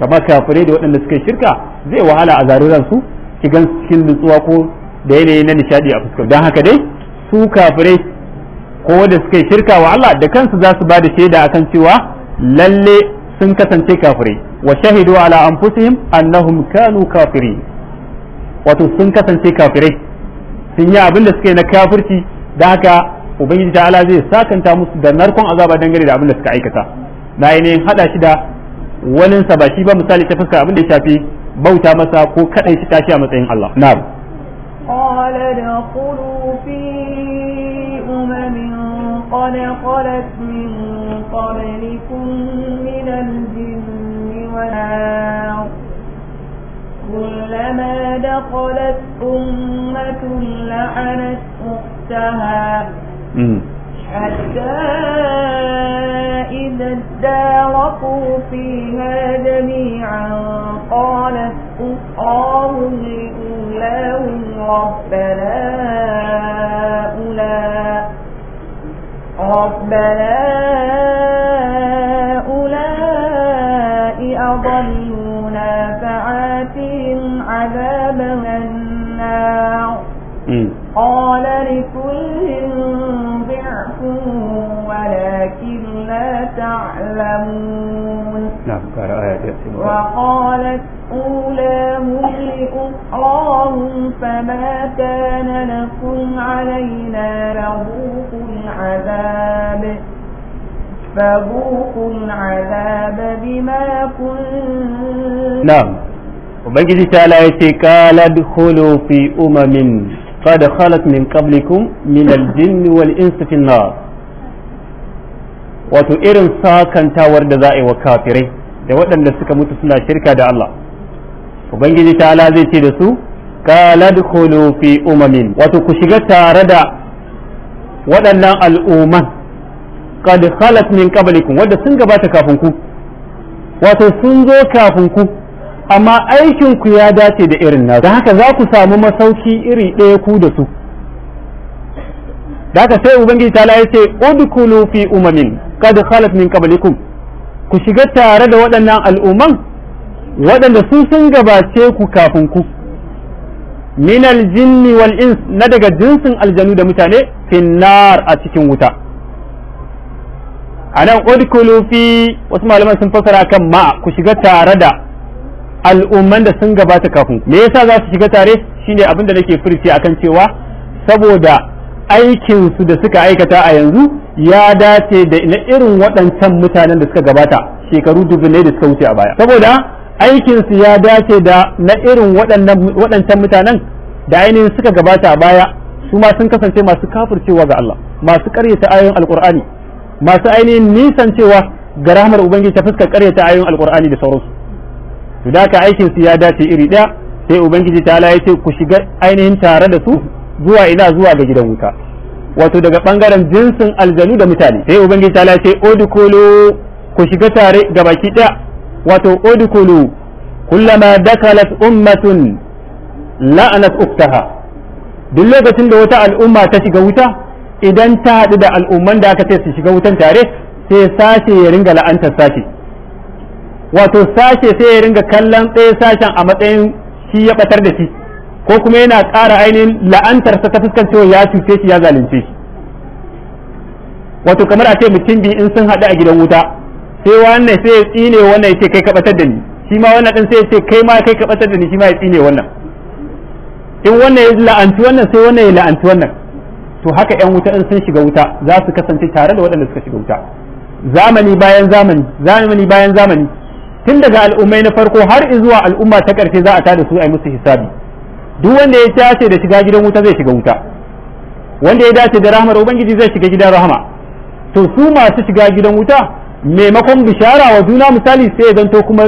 kamar kafirai da waɗanda suka shirka zai wahala a zaruran su shigan cikin nutsuwa ko da yanayi na nishadi a fuskar don haka dai su kafirai ko wanda suka shirka wa Allah da kansu za su ba da shaida akan cewa lalle sun kasance kafirai wa shahidu ala anfusihim annahum kanu kafirin wato sun kasance kafirai sun yi abin da suka yi na kafirci da haka ubangiji ta'ala zai sakanta musu da narkon azaba dangane da abin da suka aikata na ainihin hada shi da wanin sa ba shi ba misali ta fuska abin da ya shafi bauta masa ko kadai shi tashi a matsayin Allah na'am qala dkhulu fi umamin qalat min qablikum min al-jinni wal كلما دخلت أمة لعنت أختها حتى اداركوا فيها جميعا قالت أخراهم لأولاهم ربنا ربنا أولئك أضلوا يعلمون نعم آية وقالت أولاهم لأخراهم فما كان لكم علينا رهوق العذاب فذوقوا العذاب بما كنتم نعم وبنجي تعالى قال ادخلوا في أمم قد خلت من قبلكم من الجن والإنس في النار wato irin sakantawar da za a yi wa kafirai da waɗanda suka mutu suna shirka da Allah ubangiji ta'ala zai ce da su qaladkhulu fi umamin wato ku shiga tare da waɗannan al'umman qad khalat min qablikum wanda sun gabata kafin ku wato sun zo kafin ku amma aikin ku ya dace da irin nasu don haka za ku samu masauki iri ɗaya ku da su da haka sai ubangiji ta ya ce udkulu fi umamin qad khalat min qablikum ku shiga tare da waɗannan al'umman waɗanda su sun gabace ku kafin ku min aljinni wal ins na daga jinsin aljanu da mutane finnar a cikin wuta anan udkulu fi wasu malaman sun fasara kan ma ku shiga tare da al'umman da sun gabata kafin me yasa za su shiga tare shine abin da nake furci akan cewa saboda aikin su da suka aikata a yanzu ya dace da na irin waɗancan mutanen da suka gabata shekaru dubinai da suka wuce a baya saboda aikinsu ya dace da na irin waɗancan mutanen da ainihin suka gabata a baya su ma sun kasance masu kafircewa ga Allah masu ƙaryata ayoyin alƙur'ani masu ainihin nisan cewa ga rahmar ubangiji ta fuskar ƙaryata ayoyin alƙur'ani da sauransu to da ka su ya dace iri ɗaya sai ubangiji ta ya ce ku shiga ainihin tare da su zuwa ina zuwa ga gidan wuta wato daga bangaren jinsin aljanu da mutane sai ubangiji ta ce odukulu ku shiga tare ga baki daya wato odukulu kullama dakalat ummatun la'anat uktaha duk lokacin da wata al'umma ta shiga wuta idan ta haɗu da al'umman da aka ce su shiga wutan tare sai sashe ya ringa la'antar sashe wato sashe sai ya ringa kallon tsaye sashen a matsayin shi ya batar da shi ko kuma yana ƙara ainihin la'antarsa ta fuskar cewa ya cuce shi ya zalunce shi wato kamar a ce mutum biyu in sun haɗu a gidan wuta sai wannan sai ya tsine wannan ya ce kai kaɓatar da ni shi ma wannan ɗin sai ya ce kai ma kai kaɓatar da ni shi ma ya tsine wannan in wannan ya la'anci wannan sai wannan ya la'anci wannan to haka yan wuta in sun shiga wuta za su kasance tare da waɗanda suka shiga wuta zamani bayan zamani zamani bayan zamani tun daga al'ummai na farko har zuwa al'umma ta ƙarshe za a tada su a yi musu hisabi duk wanda ya dace da shiga gidan wuta zai shiga wuta wanda ya dace da rahmar ubangiji zai shiga gidan rahama to su masu shiga gidan wuta maimakon bishara wa juna misali sai ya zanto kuma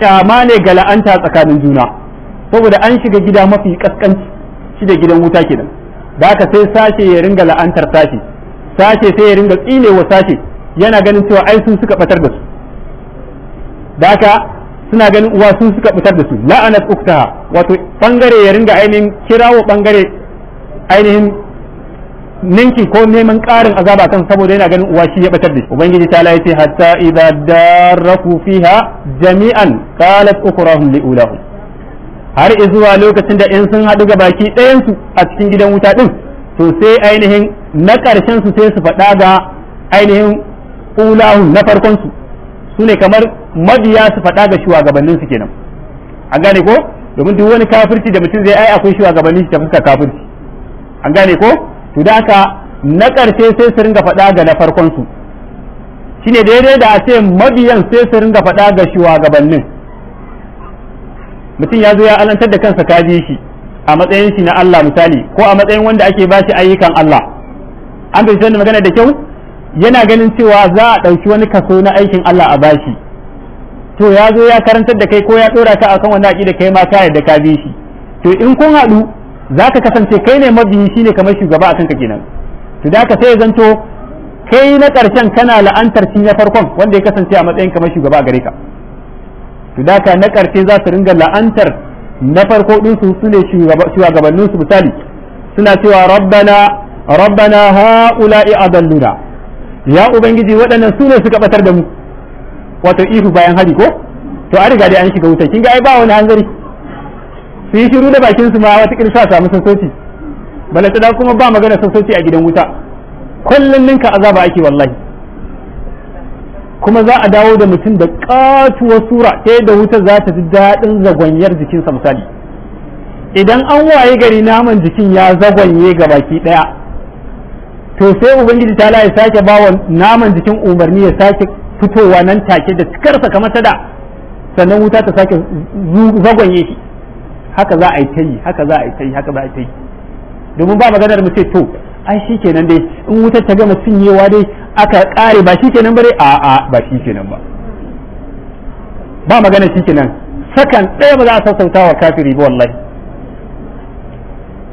kyama ne ga la'anta tsakanin juna saboda an shiga gida mafi kaskanci shi da gidan wuta kenan da haka sai sashe ya ringa la'antar sashe sashe sai ya ringa tsinewa sashe yana ganin cewa ai sun suka batar da su da haka suna ganin uwa sun suka fitar da su la'anat uktaha wato bangare ya ringa ainihin kirawo bangare ainihin ninki ko neman karin azaba kan saboda yana ganin uwa shi ya batar da shi ubangiji ta laifi hatta idza daraku fiha jami'an qalat ukrahum liulahum har zuwa lokacin da in sun haɗu baki ɗayan su a cikin gidan wuta din to sai ainihin na ƙarshen su sai su faɗa ga ainihin ulahum na farkon su su kamar mabiya su faɗa ga shugabannin su kenan an gane ko domin duk wani kafirci da mutum zai ai akwai shugabannin shi ta fuskar kafirci an gane ko to da haka na ƙarshe sai su ringa faɗa ga na farkon su shine daidai da a ce mabiyan sai su ringa faɗa ga shugabannin mutum ya zo ya alantar da kansa ka ji shi a matsayin shi na Allah misali ko a matsayin wanda ake ba shi ayyukan Allah an bai sani magana da kyau yana ganin cewa za a ɗauki wani kaso na aikin Allah a bashi to ya zo ya karantar da kai ko ya dora ta akan wannan aqida kai ma ka yadda ka bi shi to in kun haɗu zaka kasance kai ne mabiyi shine kamar shugaba akan ka kenan to da ka sai zanto kai na karshen kana la'antar shi na farkon wanda ya kasance a matsayin kamar shugaba gare ka to da ka na ƙarshe za su ringa la'antar na farko din su su ne shugabannin su misali suna cewa rabbana rabbana ha'ula'i adalluna ya ubangiji waɗannan su ne suka batar da mu wato ihu bayan hari ko to a riga dai an shiga wuta kin ga ai ba wani hanzari su yi shiru da bakin su ma wata kirsa samu sassauci da kuma ba magana sassoci a gidan wuta kullun ninka azaba ake wallahi kuma za a dawo da mutum da katuwar sura ta yadda wuta za ta ji daɗin zagwanyar jikinsa misali idan an waye gari naman jikin ya zagwanye ga baki ɗaya to sai ubangiji ta ya sake ba naman jikin umarni ya sake fitowa nan take da cikarsa kamar ta da sannan wuta ta sake zagwanye shi haka za a yi ta yi haka za a yi ta yi haka za a yi ta yi domin ba maganar mu ce to ai shi kenan dai in wutar ta gama sunyewa dai aka kare ba shi kenan ba dai a a ba shi kenan ba ba maganar shi kenan sakan ɗaya ba za a sassauta wa kafiri ba wallahi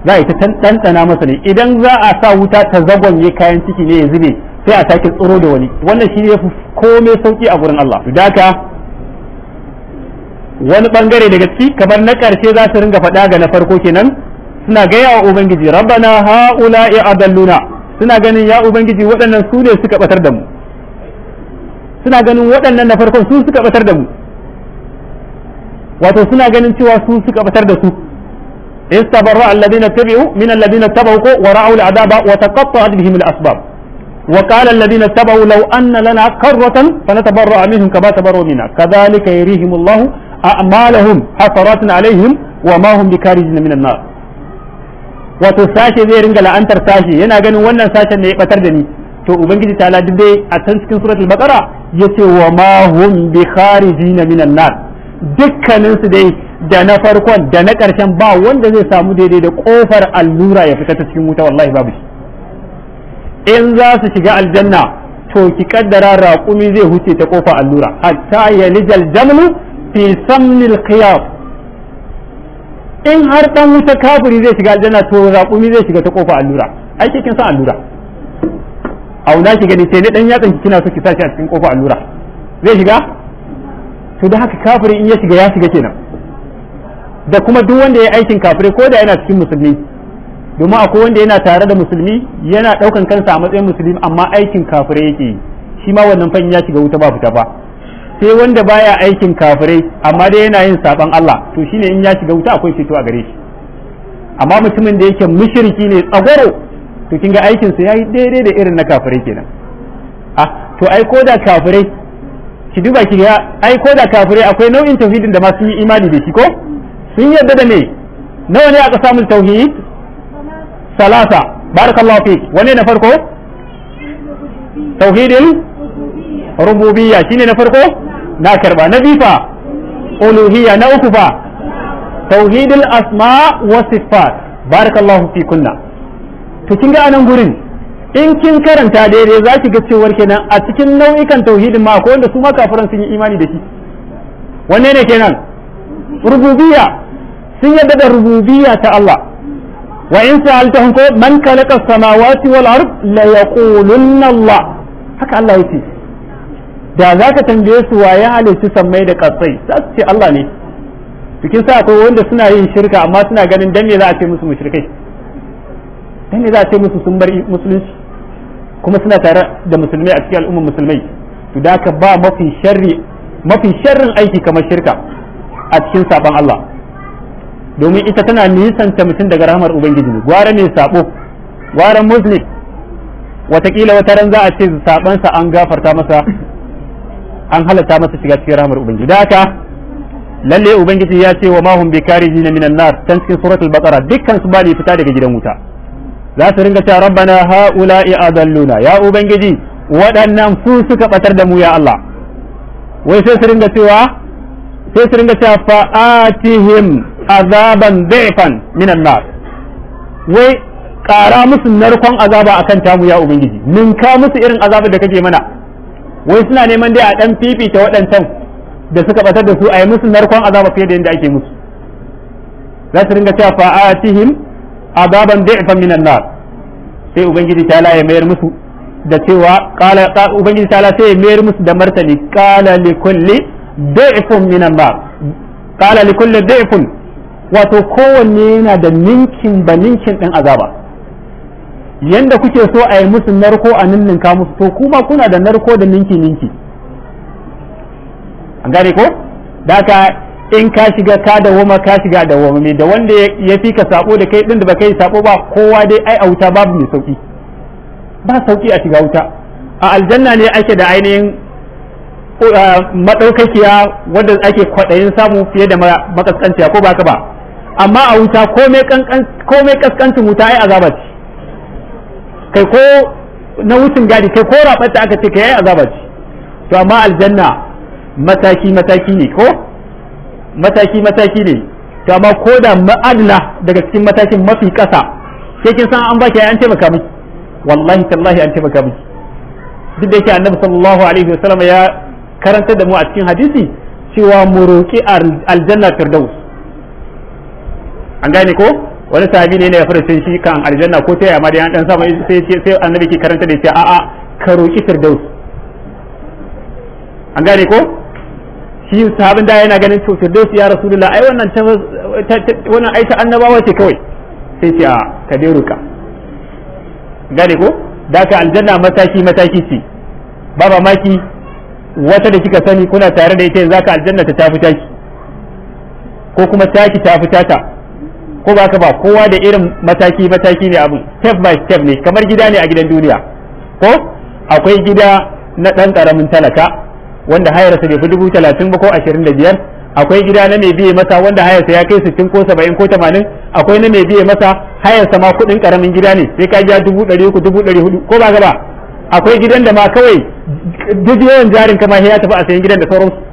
za a yi ta tantana masa ne idan za a sa wuta ta zagonye kayan ciki ne ya zube sai a sake tsoro da wani wannan shi ne komai sauki a gurin Allah da ka wani bangare daga ciki kamar na karshe za su ringa faɗa ga na farko kenan suna gaya wa ubangiji rabbana haula'i adalluna suna ganin ya ubangiji waɗannan su ne suka batar da mu suna ganin waɗannan na farkon su suka batar da mu wato suna ganin cewa su suka batar da su istabarra alladhina tabi'u min alladhina tabawu wa ra'u al'adaba wa taqatta'at bihim al-asbab وقال الذين اتبعوا لو أن لنا قرة فنتبرأ منهم كما تبرأوا منا كذلك يريهم الله أعمالهم حسرات عليهم وما هم بكارجين من النار wato sashe zai ringa la'antar sashe yana ganin wannan sashen ne ya batar da ni to ubangiji ta ala dai a can cikin suratul baqara yace wa ma hum bi kharijina minan nar dukkanin su dai da na farkon da na karshen ba wanda zai samu daidai da kofar allura ya fita ta cikin wuta wallahi babu shi in za su shiga aljanna to ki kaddara raƙumi zai huce ta kofa allura hatta ya lijal jamlu fi samnil khiyaf in har dan wuta kafiri zai shiga aljanna to raƙumi zai shiga ta kofa allura ai kin san allura na ki gani sai ne dan yatsan ki kina so ki sashi a cikin kofa allura zai shiga to da haka kafiri in ya shiga ya shiga kenan da kuma duk wanda ya aikin kafiri ko da yana cikin musulmi domin akwai wanda yana tare da musulmi yana daukan kansa a matsayin musulmi amma aikin kafirai yake shi ma wannan fanni ya shiga wuta ba fita ba sai wanda baya aikin kafirai amma dai yana yin saban Allah to shine in ya shiga wuta akwai fito a gare shi amma mutumin da yake mushriki ne tsagoro to kin ga aikin sa yayi daidai da irin na kafirai kenan ah to ai ko da kafirai ki duba ki ga ai ko da kafirai akwai nau'in tauhidin da ma sun yi imani da shi ko sun yarda da me nawa ne aka samu tauhid ثلاثة بارك الله فيك وني نفركو توحيد الربوبية شيني نفرقه ناكربا نبيفا ألوهية نأكفا توحيد الأسماء والصفات بارك الله فيكنا to أنا نقولين in kin karanta daidai za ki ga cewar kenan a cikin nau'ikan tauhidin ma ko wanda su ma kafiran sun yi imani da shi wanne ne kenan rububiyya sun yarda da rububiyya ta Allah wa in sa'altahum ko man khalaqa samawati wal ard la yaqulunna Allah haka Allah yake da zaka tambaye su waye san sammai da katsai za su ce Allah ne cikin sa akwai wanda suna yin shirka amma suna ganin dan ne za a ce musu mushrikai dan ne za a ce musu sun bar musulunci kuma suna tare da musulmai a cikin al'ummar musulmai to da ka ba mafi sharri mafi sharrin aiki kamar shirka a cikin saban Allah domin ita tana nisanta mutum daga rahmar ubangiji ne gwara ne sabo gwara muslim watakila wata ran za a ce sabansa an gafarta masa an halatta masa shiga cikin rahmar ubangiji da haka lalle ubangiji ya ce wa mahum bikarijin minan nar tan cikin suratul baqara dukkan su ba ne fita daga gidan wuta za su ringa ta rabbana haula'i adalluna ya ubangiji waɗannan su suka batar da mu ya Allah wai sai su ringa cewa sai su ringa cewa fa'atihim azaban daifan min nar wai kara musu narkon azaba akan tamu ya ubangiji ninka musu irin azabar da kake mana wai suna neman dai a dan fifita waɗancan da suka batar da su a yi musu narkon azaba fiye da yadda ake musu za su ringa cewa fa'atihim azaban da'ifan min an-nar sai ubangiji ta ya mayar musu da cewa qala ubangiji ta sai ya mayar musu da martani qala li kulli da'ifun min nar li kulli da'ifun wato kowanne yana da ninkin ba ninkin ɗin azaba yanda kuke so a yi musu narko a ninninka musu to kuma kuna da narko da ninki ninki an gane ko da in ka shiga ka da woma ka shiga da woma da wanda ya fi ka sabo da kai ɗin da ba kai sabo ba kowa dai ai a wuta babu mai sauki ba sauki a shiga wuta a aljanna ne ake da ainihin uh, madaukakiya wanda ake kwaɗayin samu fiye da makaskanciya ko ba ka ba amma a wuta komai kaskancin wuta ai yi ce kai ko na wucin gadi kai ko rabar aka ce kai ai azaba ce to amma aljanna mataki mataki ne ko mataki mataki ne to amma ko da ma'adla daga cikin matakin mafi ƙasa sai kin san an baki an taimaka miki wallahi tallahi an taimaka miki duk da yake annabi sallallahu alaihi wasallam ya karanta da mu a cikin hadisi cewa mu roki aljanna firdaus an gane ko wani sahabi ne ya fara shi kan aljanna ko ta yamma da yan dan sama sai sai annabi ke karanta da a a'a ka roki firdaus an gane ko shi sahabin da yana ganin to firdaus ya rasulullah ai wannan ta wannan aita annabawa ce kawai sai ce a ka dai roka gane ko da ka aljanna mataki mataki ce ba mamaki wata da kika sani kuna tare da ita yanzu ka aljanna ta tafi taki ko kuma taki tafi tata ko ba ka ba kowa da irin mataki mataki ne abin step by step ne kamar gida ne a gidan duniya ko akwai gida na ɗan ƙaramin talaka wanda hayarsa bai fi dubu talatin ba ko ashirin da biyar akwai gida na mai biye masa wanda hayarsa ya kai sittin ko saba'in ko tamanin akwai na mai biye masa hayarsa ma kuɗin ƙaramin gida ne sai ka ja dubu ɗari uku dubu ɗari hudu ko ba ka ba akwai gidan da ma kawai duk yawan jarin kama ya tafi a sayan gidan da sauransu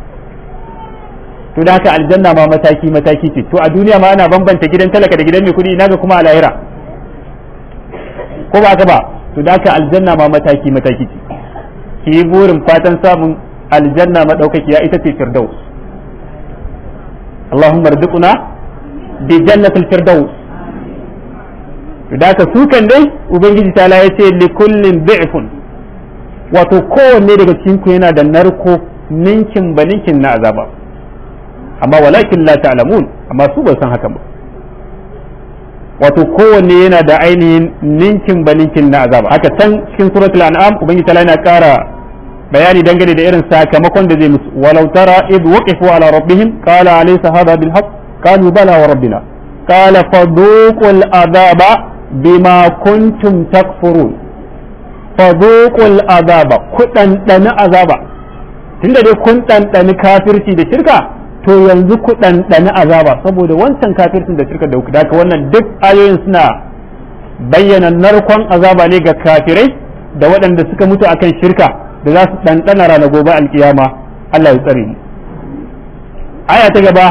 to da haka aljanna ma mataki mataki ce to a duniya ma ana bambanta gidan talaka da gidan mai kuɗi naga ga kuma a lahira ko ba ka ba to da haka aljanna ma mataki mataki ce ki yi burin fatan samun aljanna ya ita ce firdaus Allahumma rzuqna bi jannatil firdaus da haka su kan dai ubangiji ta la ce li kullin bi'fun wato kowanne daga cikin ku yana da narko ninkin ba ninkin na azaba amma walakin la ta'lamun amma su ba san haka ba wato kowanne yana da ainihin ninkin ba ninkin na azaba haka can cikin suratul an'am ubangi ta yana kara bayani dangane da irin sakamakon da zai musu walau tara id waqifu ala rabbihim qala alaysa hadha bil haqq qalu bala wa rabbina qala fadhuqul adaba bima kuntum takfurun fadhuqul azaba ku ɗanɗani azaba tunda dai kun ɗanɗani kafirci da shirka to yanzu ku ɗanɗani azaba saboda wancan kafircin da shirka da ka wannan duk ayoyin suna bayyana narkon azaba ne ga kafirai da waɗanda suka mutu akan shirka da za su ɗanɗana rana gobe alƙiyama Allah ya tsare aya ta gaba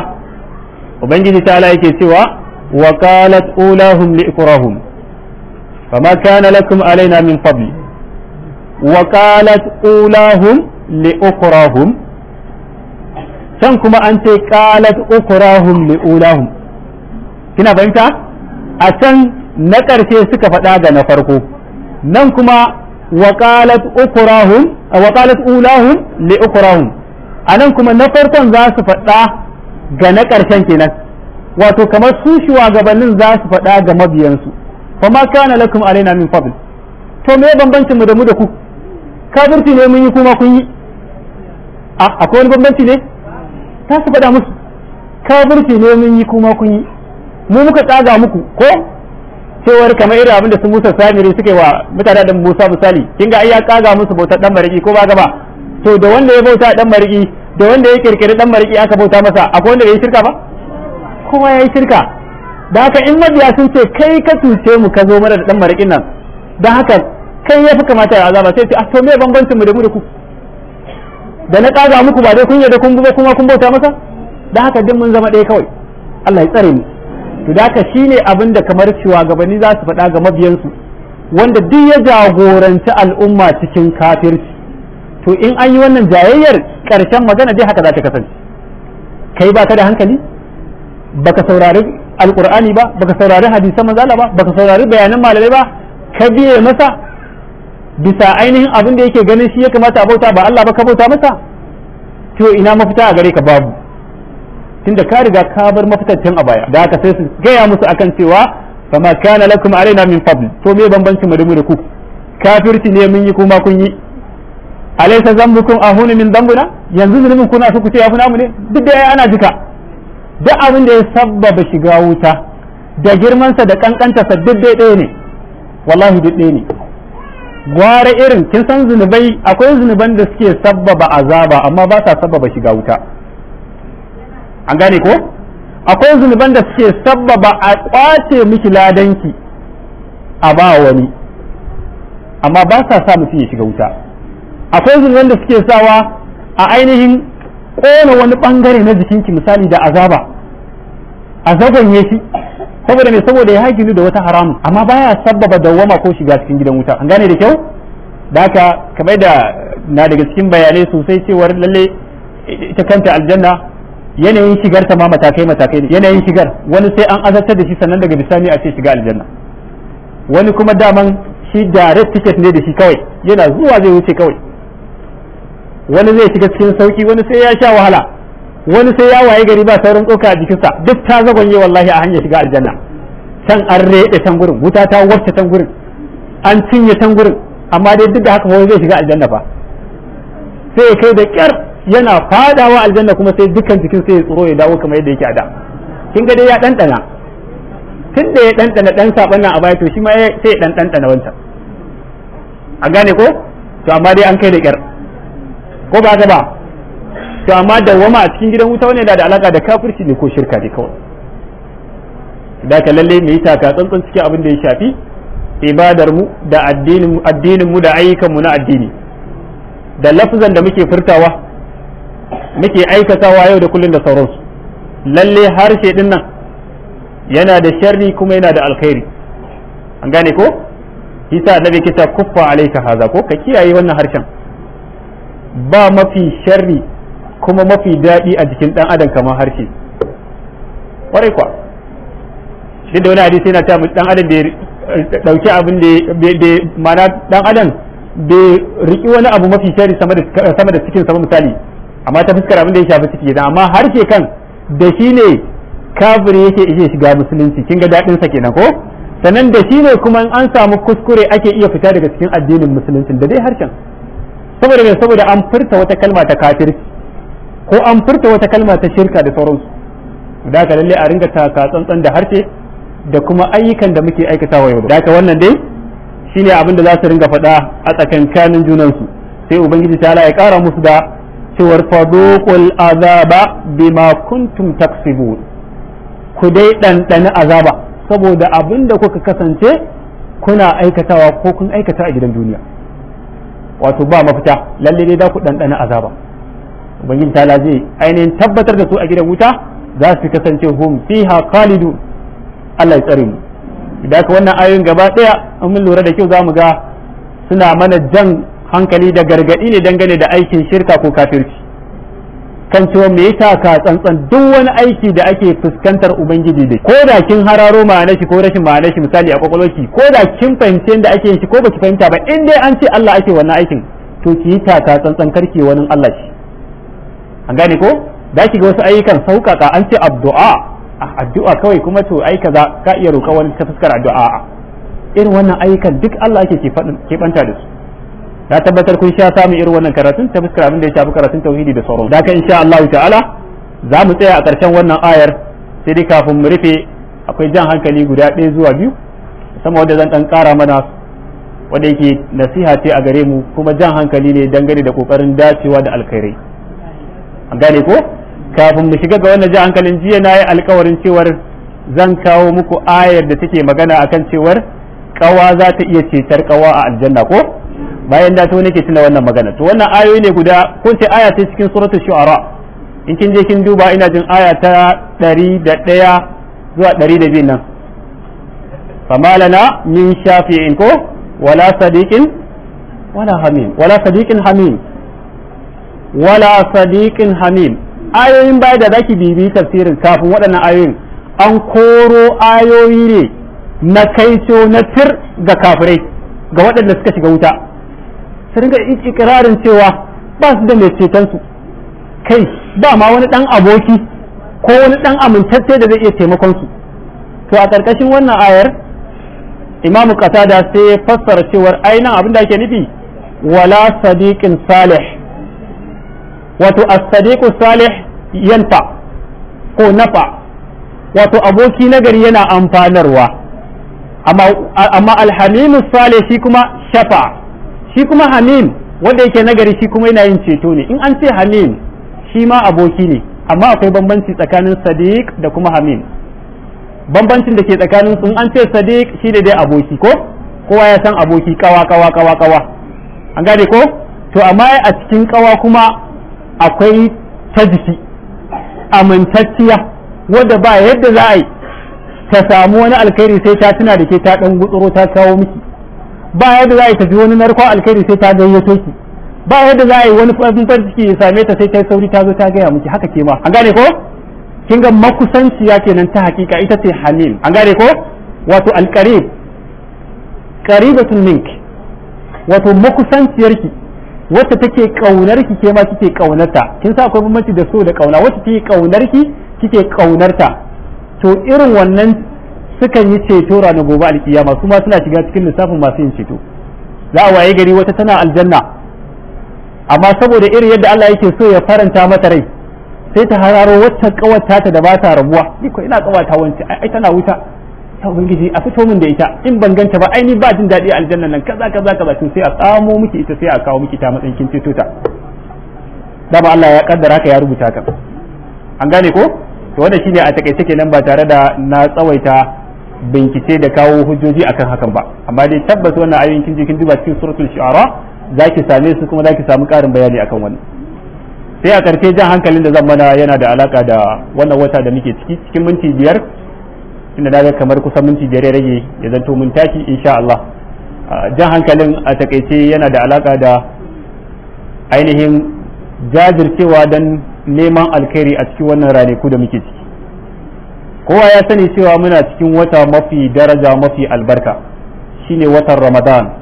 ubangiji ta ala yake cewa wa qalat ulahum li ikrahum fama kana lakum alaina min fadli wa qalat ulahum li ikrahum can kuma an ce qalat ukrahum ulahum kina fahimta a can na ƙarshe suka faɗa ga na farko nan kuma wa qalat ukrahum wa qalat ulahum li ukrahum anan kuma na farkon za su faɗa ga na ƙarshen kenan wato kamar su shugabannin za su faɗa ga mabiyansu fa ma kana lakum alaina min fadl to me bambancin mu da mu da ku kafirci ne mun yi kuma kun yi a akwai wani bambanci ne ta su faɗa musu kafirci ne mun yi kuma kun yi mu muka tsaga muku ko cewar kamar irin abin da su Musa Samiri suke wa mutane da Musa misali kin ga ai ya tsaga musu bautar dan mariki ko ba gaba to da wanda ya bauta dan mariki da wanda ya kirkiri dan mariki aka bauta masa akwai wanda bai shirka ba kowa yayi shirka da haka in mabiya sun ce kai ka tuce mu ka zo mara da dan marikin nan da haka kai fi kamata ya azaba sai ce a ah, to me bambancin mu da mu da ku da na kaza muku ba dai kun yarda kun buga kuma kun bauta masa da haka din mun zama ɗaya kawai Allah ya tsare mu to da haka shine abin da kamar cewa gabani za su faɗa ga mabiyansu wanda duk ya jagoranci al'umma cikin kafirci to in an yi wannan jayayyar karshen magana dai haka za ta kasance kai ba ka da hankali baka saurari alqur'ani ba baka saurari hadisan manzala ba baka saurari bayanan malamai ba ka biye masa bisa ainihin abin da yake ganin shi ya kamata a bauta ba Allah ba ka bauta masa to ina mafita a gare ka babu tunda ka riga ka bar can a baya da haka sai su gaya musu akan cewa ma kana lakum alaina min fadl to me bambancin mu da mu ku kafirci ne mun yi kuma kun yi alaysa zambukum ahunu min dambuna yanzu zulumin kuna so ku ce ya funa namu ne duk da ana jika duk abin da ya sabbaba shiga wuta da girmansa da sa duk ɗaya ne wallahi duk ɗaya ne gwara irin kin san zunubai akwai zunuban da suke sabbaba azaba amma ba sa sabbaba shiga wuta an gane ko akwai zunuban da suke sabbaba a kwace miki ladanki a ba wani amma ba sa sa mutum ya shiga wuta akwai zunuban da suke sawa a ainihin kona wani bangare na jikinki misali da azaba azaban ya shi saboda me saboda ya haƙi da wata haramun amma baya sabbaba dawwama ko shiga cikin gidan wuta an gane da kyau da haka kamar da na daga cikin bayanai sosai cewar lalle ita kanta aljanna yanayin shigar ta ma matakai matakai ne yanayin shigar wani sai an azartar da shi sannan daga bisani a ce shiga aljanna wani kuma daman shi direct ticket ne da shi kawai yana zuwa zai wuce kawai wani zai shiga cikin sauki wani sai ya sha wahala wani sai ya waye gari ba sauran tsoka a jikinsa duk ta zagonye wallahi a hanyar shiga aljanna can an rede can gurin wuta ta wacce can gurin an cinye can gurin amma dai duk da haka wani zai shiga aljanna fa sai kai da kyar yana fadawa aljanna kuma sai dukkan jikin sai ya tsoro ya dawo kamar yadda yake a da kin ga dai ya dandana tun da ya dandana dan saban nan a baya to shi ma sai ya dan dandana wancan a gane ko to amma dai an kai da kyar ko ba haka ba to amma dawwama a cikin gidan wuta wani yana da alaka da kafirci ne ko shirka ne kawai da ka lalle mai taka tsantsan cikin abin da ya shafi ibadar mu da addinin addinin mu da ayyukan mu na addini da lafzan da muke furtawa muke aikatawa yau da kullun da sauransu lalle harshe din nan yana da sharri kuma yana da alkhairi an gane ko isa annabi kita kuffa alayka haza ko ka kiyaye wannan harshen ba mafi sharri kuma mafi daɗi a jikin ɗan adam kamar harshe ƙwarai kuwa shi da wani hadisi yana cewa ɗan adam bai ɗauki abin da mana ɗan adam bai riƙi wani abu mafi shari sama da cikin sama misali amma ta fuskar abin da ya shafi ciki amma harshe kan da shi ne kafiri yake iya shiga musulunci kin ga daɗin sa kenan ko sannan da shi ne kuma an samu kuskure ake iya fita daga cikin addinin musulunci da dai harshen saboda me saboda an furta wata kalma ta kafirci ko an furta wata kalma ta shirka da sauransu da ka lalle a ringa taka tsantsan da harshe da kuma ayyukan da muke aikatawa yau da ka wannan dai shine abin da za su ringa faɗa a tsakankanin junansu sai ubangiji ta ya ƙara musu da cewar faduqul azaba bima kuntum taksibun ku dai ɗanɗani azaba saboda abin da kuka kasance kuna aikatawa ko kun aikata a gidan duniya wato ba mafita lalle dai za ku ɗanɗana azaba ubangiji ta zai ainihin tabbatar da su a gidan wuta za su kasance hum fiha khalidu Allah ya tsare mu idan ka wannan ayoyin gaba daya an mun lura da kyau za mu ga suna mana jan hankali da gargadi ne dangane da aikin shirka ko kafirci kan cewa me yasa ka tsantsan duk wani aiki da ake fuskantar ubangiji da ko da kin hararo ma'ana shi ko rashin ma'ana shi misali a kokoloki ko da kin fahimce da ake yin shi ko baki fahimta ba in dai an ce Allah ake wannan aikin to ki yi taka tsantsan karki wani Allah shi an gane ko da ki ga wasu ayyukan sauƙaƙa an ce addu'a addu'a kawai kuma to ai kaza ka iya roƙa wani ta fuskar addu'a irin wannan ayyukan duk Allah yake ke banta da su da tabbatar kun sha samu irin wannan karatun ta fuskar abin da ya shafi karatun tauhidi da sauran da ka insha Allah ta'ala za mu tsaya a ƙarshen wannan ayar sai dai kafin mu rufe akwai jan hankali guda ɗaya zuwa biyu sama wanda zan ɗan ƙara mana wanda yake nasiha ce a gare mu kuma jan hankali ne dangane da ƙoƙarin dacewa da alkhairai an gane ko kafin mu shiga ga wannan ji hankalin jiya na yi alkawarin cewar zan kawo muku ayar da take magana akan cewar kawa za ta iya cetar kawa a aljanna ko bayan da to nake tuna wannan magana to wannan ayoyi ne guda ko ce aya ta cikin suratul shu'ara in kin je kin duba ina jin aya ta 101 zuwa 102 nan famalana min shafi'in ko wala sadiqin wala hamim wala sadiqin hamim wala sadiqin hamim ayoyin baya da zaki bibi tafsirin kafin waɗannan ayoyin an koro ayoyi ne na kaico na tir ga kafirai ga waɗanda suka shiga wuta su ringa ikirarin cewa ba su da mai su kai ba ma wani ɗan aboki ko wani ɗan amintacce da zai iya taimakon su to a ƙarƙashin wannan ayar imamu qatada sai ya fassara cewar ainihin abin da ake nufi wala sadiqin salih wato as salih yanfa ko nafa wato aboki nagari yana amfanarwa amma amma al salih shi kuma shafa shi kuma hamim wanda yake nagari shi kuma yana yin ceto ne in an ce hamim shi ma aboki ne amma akwai bambanci tsakanin sadiq da kuma hamim bambancin da ke tsakanin sun an ce sadiq shi da dai aboki ko kowa ya san aboki kawa kawa kawa kawa an gane ko to amma a cikin kawa kuma akwai ta jiki amintacciya wadda ba yadda za a yi ta samu wani alkhairi sai ta tuna da ke ta dan gutsuro ta kawo miki ba yadda za a yi ta ji wani narko alkhairi sai ta gayyato ki ba yadda za a yi wani farin ciki ya same ta sai ta sauri ta zo ta gaya miki haka ke ma an gane ko kin ga ya kenan ta hakika ita ce hamim an gane ko wato alqarib qaribatun mink wato makusanciyarki wacce take kaunar ki ke ma kike kaunarta kin sa akwai bambanci da so da kauna wata take kaunar ki kike kaunarta to irin wannan sukan yi ceto na gobe alkiyama su ma suna shiga cikin lissafin masu yin ceto za a waye gari wata tana aljanna amma saboda irin yadda Allah yake so ya faranta mata rai sai ta hararo wata kawata ta da ba ta rabuwa ni ko ina kawata wance ai tana wuta ta ubangiji a fito min da ita in ban ganta ba aini ba jin daɗi aljanna nan kaza kaza kaza to sai a samo miki ita sai a kawo miki ta matsayin kin ceto ta ba Allah ya kaddara ka ya rubuta ka an gane ko to wannan shine a takaice kenan ba tare da na tsawaita bincike da kawo hujjoji akan hakan ba amma dai tabbas wannan ayoyin kin ji kin duba cikin suratul shu'ara zaki same su kuma zaki samu karin bayani akan wannan sai a karshe jan hankalin da zan mana yana da alaka da wannan wata da muke ciki cikin minti biyar tunda na ga kamar kusan minti biyar rage ya zanto mun tashi insha Allah ah, jan hankalin a takaice yana da alaka da ainihin jajircewa don neman alkhairi a cikin wannan ranaku da muke ciki kowa ya sani cewa muna cikin wata mafi daraja mafi albarka shine watan ramadan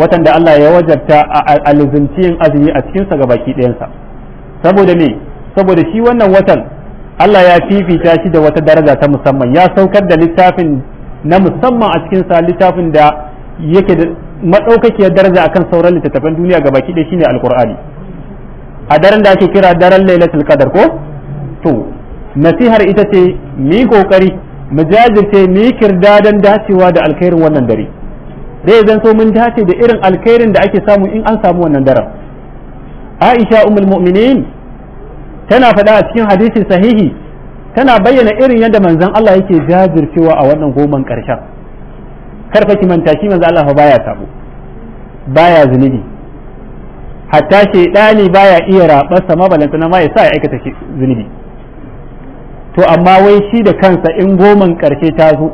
watan da Allah ya wajabta a yin azumi a cikinsa ga baki ɗayansa saboda me saboda shi wannan watan Allah ya fifita shi da wata daraja ta musamman ya saukar da littafin na musamman a cikin sa littafin da yake da madaukakiyar daraja akan sauran littattafan duniya ga baki ɗaya shine alqur'ani a daren da ake kira daren lailatul qadar ko to nasihar ita ce mi kokari mu jajirce mi yi kirdadan dacewa da alkhairin wannan dare dai zan so mun dace da irin alkhairin da ake samu in an samu wannan daren Aisha ummul mu'minin tana faɗa a cikin hadisi sahihi tana bayyana irin yadda manzon Allah yake jajircewa a wannan goman ƙarshen karfa ki manta shi manzon Allah baya sabo baya zunubi hatta shaidani baya iya rabarsa ma balantana ma ya sa ya aikata zunubi to amma wai shi da kansa in goman ƙarshe ta zo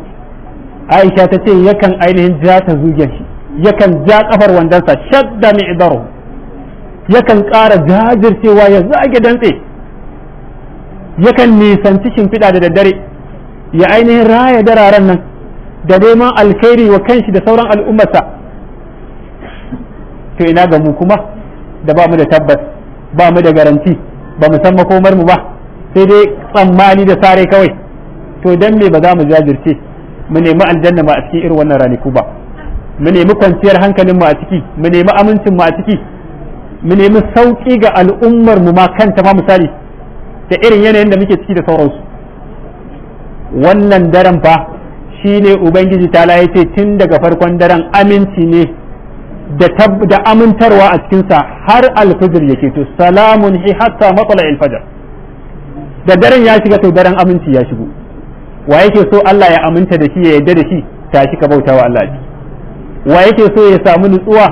Aisha ta ce yakan ainihin ja ta zugen shi yakan ja kafar wandansa shadda mi'daru yakan ƙara jajircewa ya zage dantse yakan nisanci shimfiɗa da daddare ya ainihin raya dararen nan da neman alkhairi wa kanshi da sauran al'ummarsa. to ina ga mu kuma da ba mu da tabbas ba mu da garanti ba mu san makomar mu ba sai dai tsammani da sare kawai to dan me ba za mu jajirce mu nemi aljanna ba a cikin irin wannan raniku ba mu nemi kwanciyar hankalin mu a ciki mu nemi amincin mu a ciki mu nemi sauki ga al'ummar mu ma kanta ma misali da irin yanayin da muke ciki da sauransu wannan daren fa shi ne ubangiji ta ya ce tun daga farkon daren aminci ne da amintarwa a cikinsa har alfijir yake to salamun hi hatta matsala alfajar da daren ya shiga to daren aminci ya shigo wa yake so Allah ya aminta da shi ya yarda da shi Ta shi ka bauta wa Allah wa yake so ya samu nutsuwa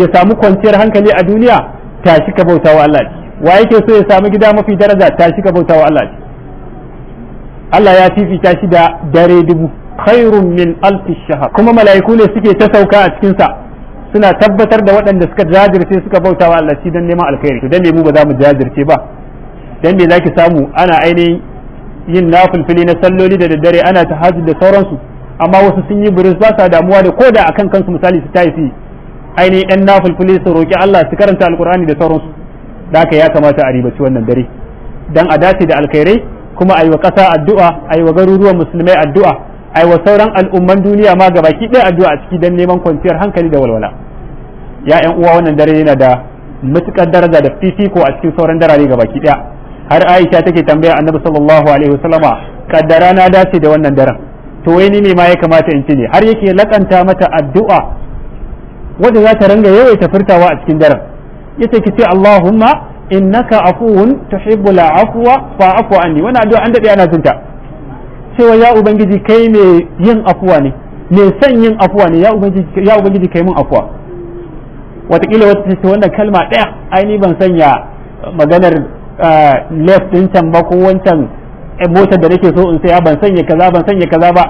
ya samu kwanciyar hankali a duniya Ta shi ka bauta wa Allah wa yake so ya samu gida mafi daraja ta shi ka bauta wa Allah Allah ya fifita shi da dare dubu khairun min alfi kuma mala'iku ne suke ta sauka a cikin sa suna tabbatar da waɗanda suka jajirce suka bauta wa Allah shi dan neman alkhairi to dan ne mu ba za mu jajirce ba dan ne zaki samu ana ainihin yin nafilfili na salloli da daddare ana tahajjud da sauransu amma wasu sun yi buris ba sa damuwa da koda akan kansu misali su tayi ainihin dan nafilfili su roki Allah su karanta alkur'ani da sauransu daka ya kamata a ribaci wannan dare dan a dace da alkhairai kuma a yi wa ƙasa addu'a a yi wa garuruwan musulmai addu'a a yi wa sauran al'umman duniya ma gabaki ɗaya addu'a a ciki dan neman kwanciyar hankali da walwala ya ƴan uwa wannan dare yana da matuƙar daraja da fifiko a cikin sauran darare gabaki ɗaya har aisha take tambaya annabi sallallahu alaihi wasallama kaddara na dace da wannan daren to wai ni ne ma ya kamata in ci ne har yake lakanta mata addu'a wanda za ta ringa yawaita furtawa a cikin daren yace ki ce Allahumma innaka afuwun tuhibbul afwa afu anni wannan addu'a an dade ana sunta cewa ya ubangiji kai ne yin afuwa ne me son yin afuwa ne ya ubangiji ya ubangiji kai mun afuwa watakila wata ce wannan kalma daya ai ban sanya maganar eh, left din can ba ko wancan eh, motar da nake so in saya ban sanya kaza ban sanya kaza ba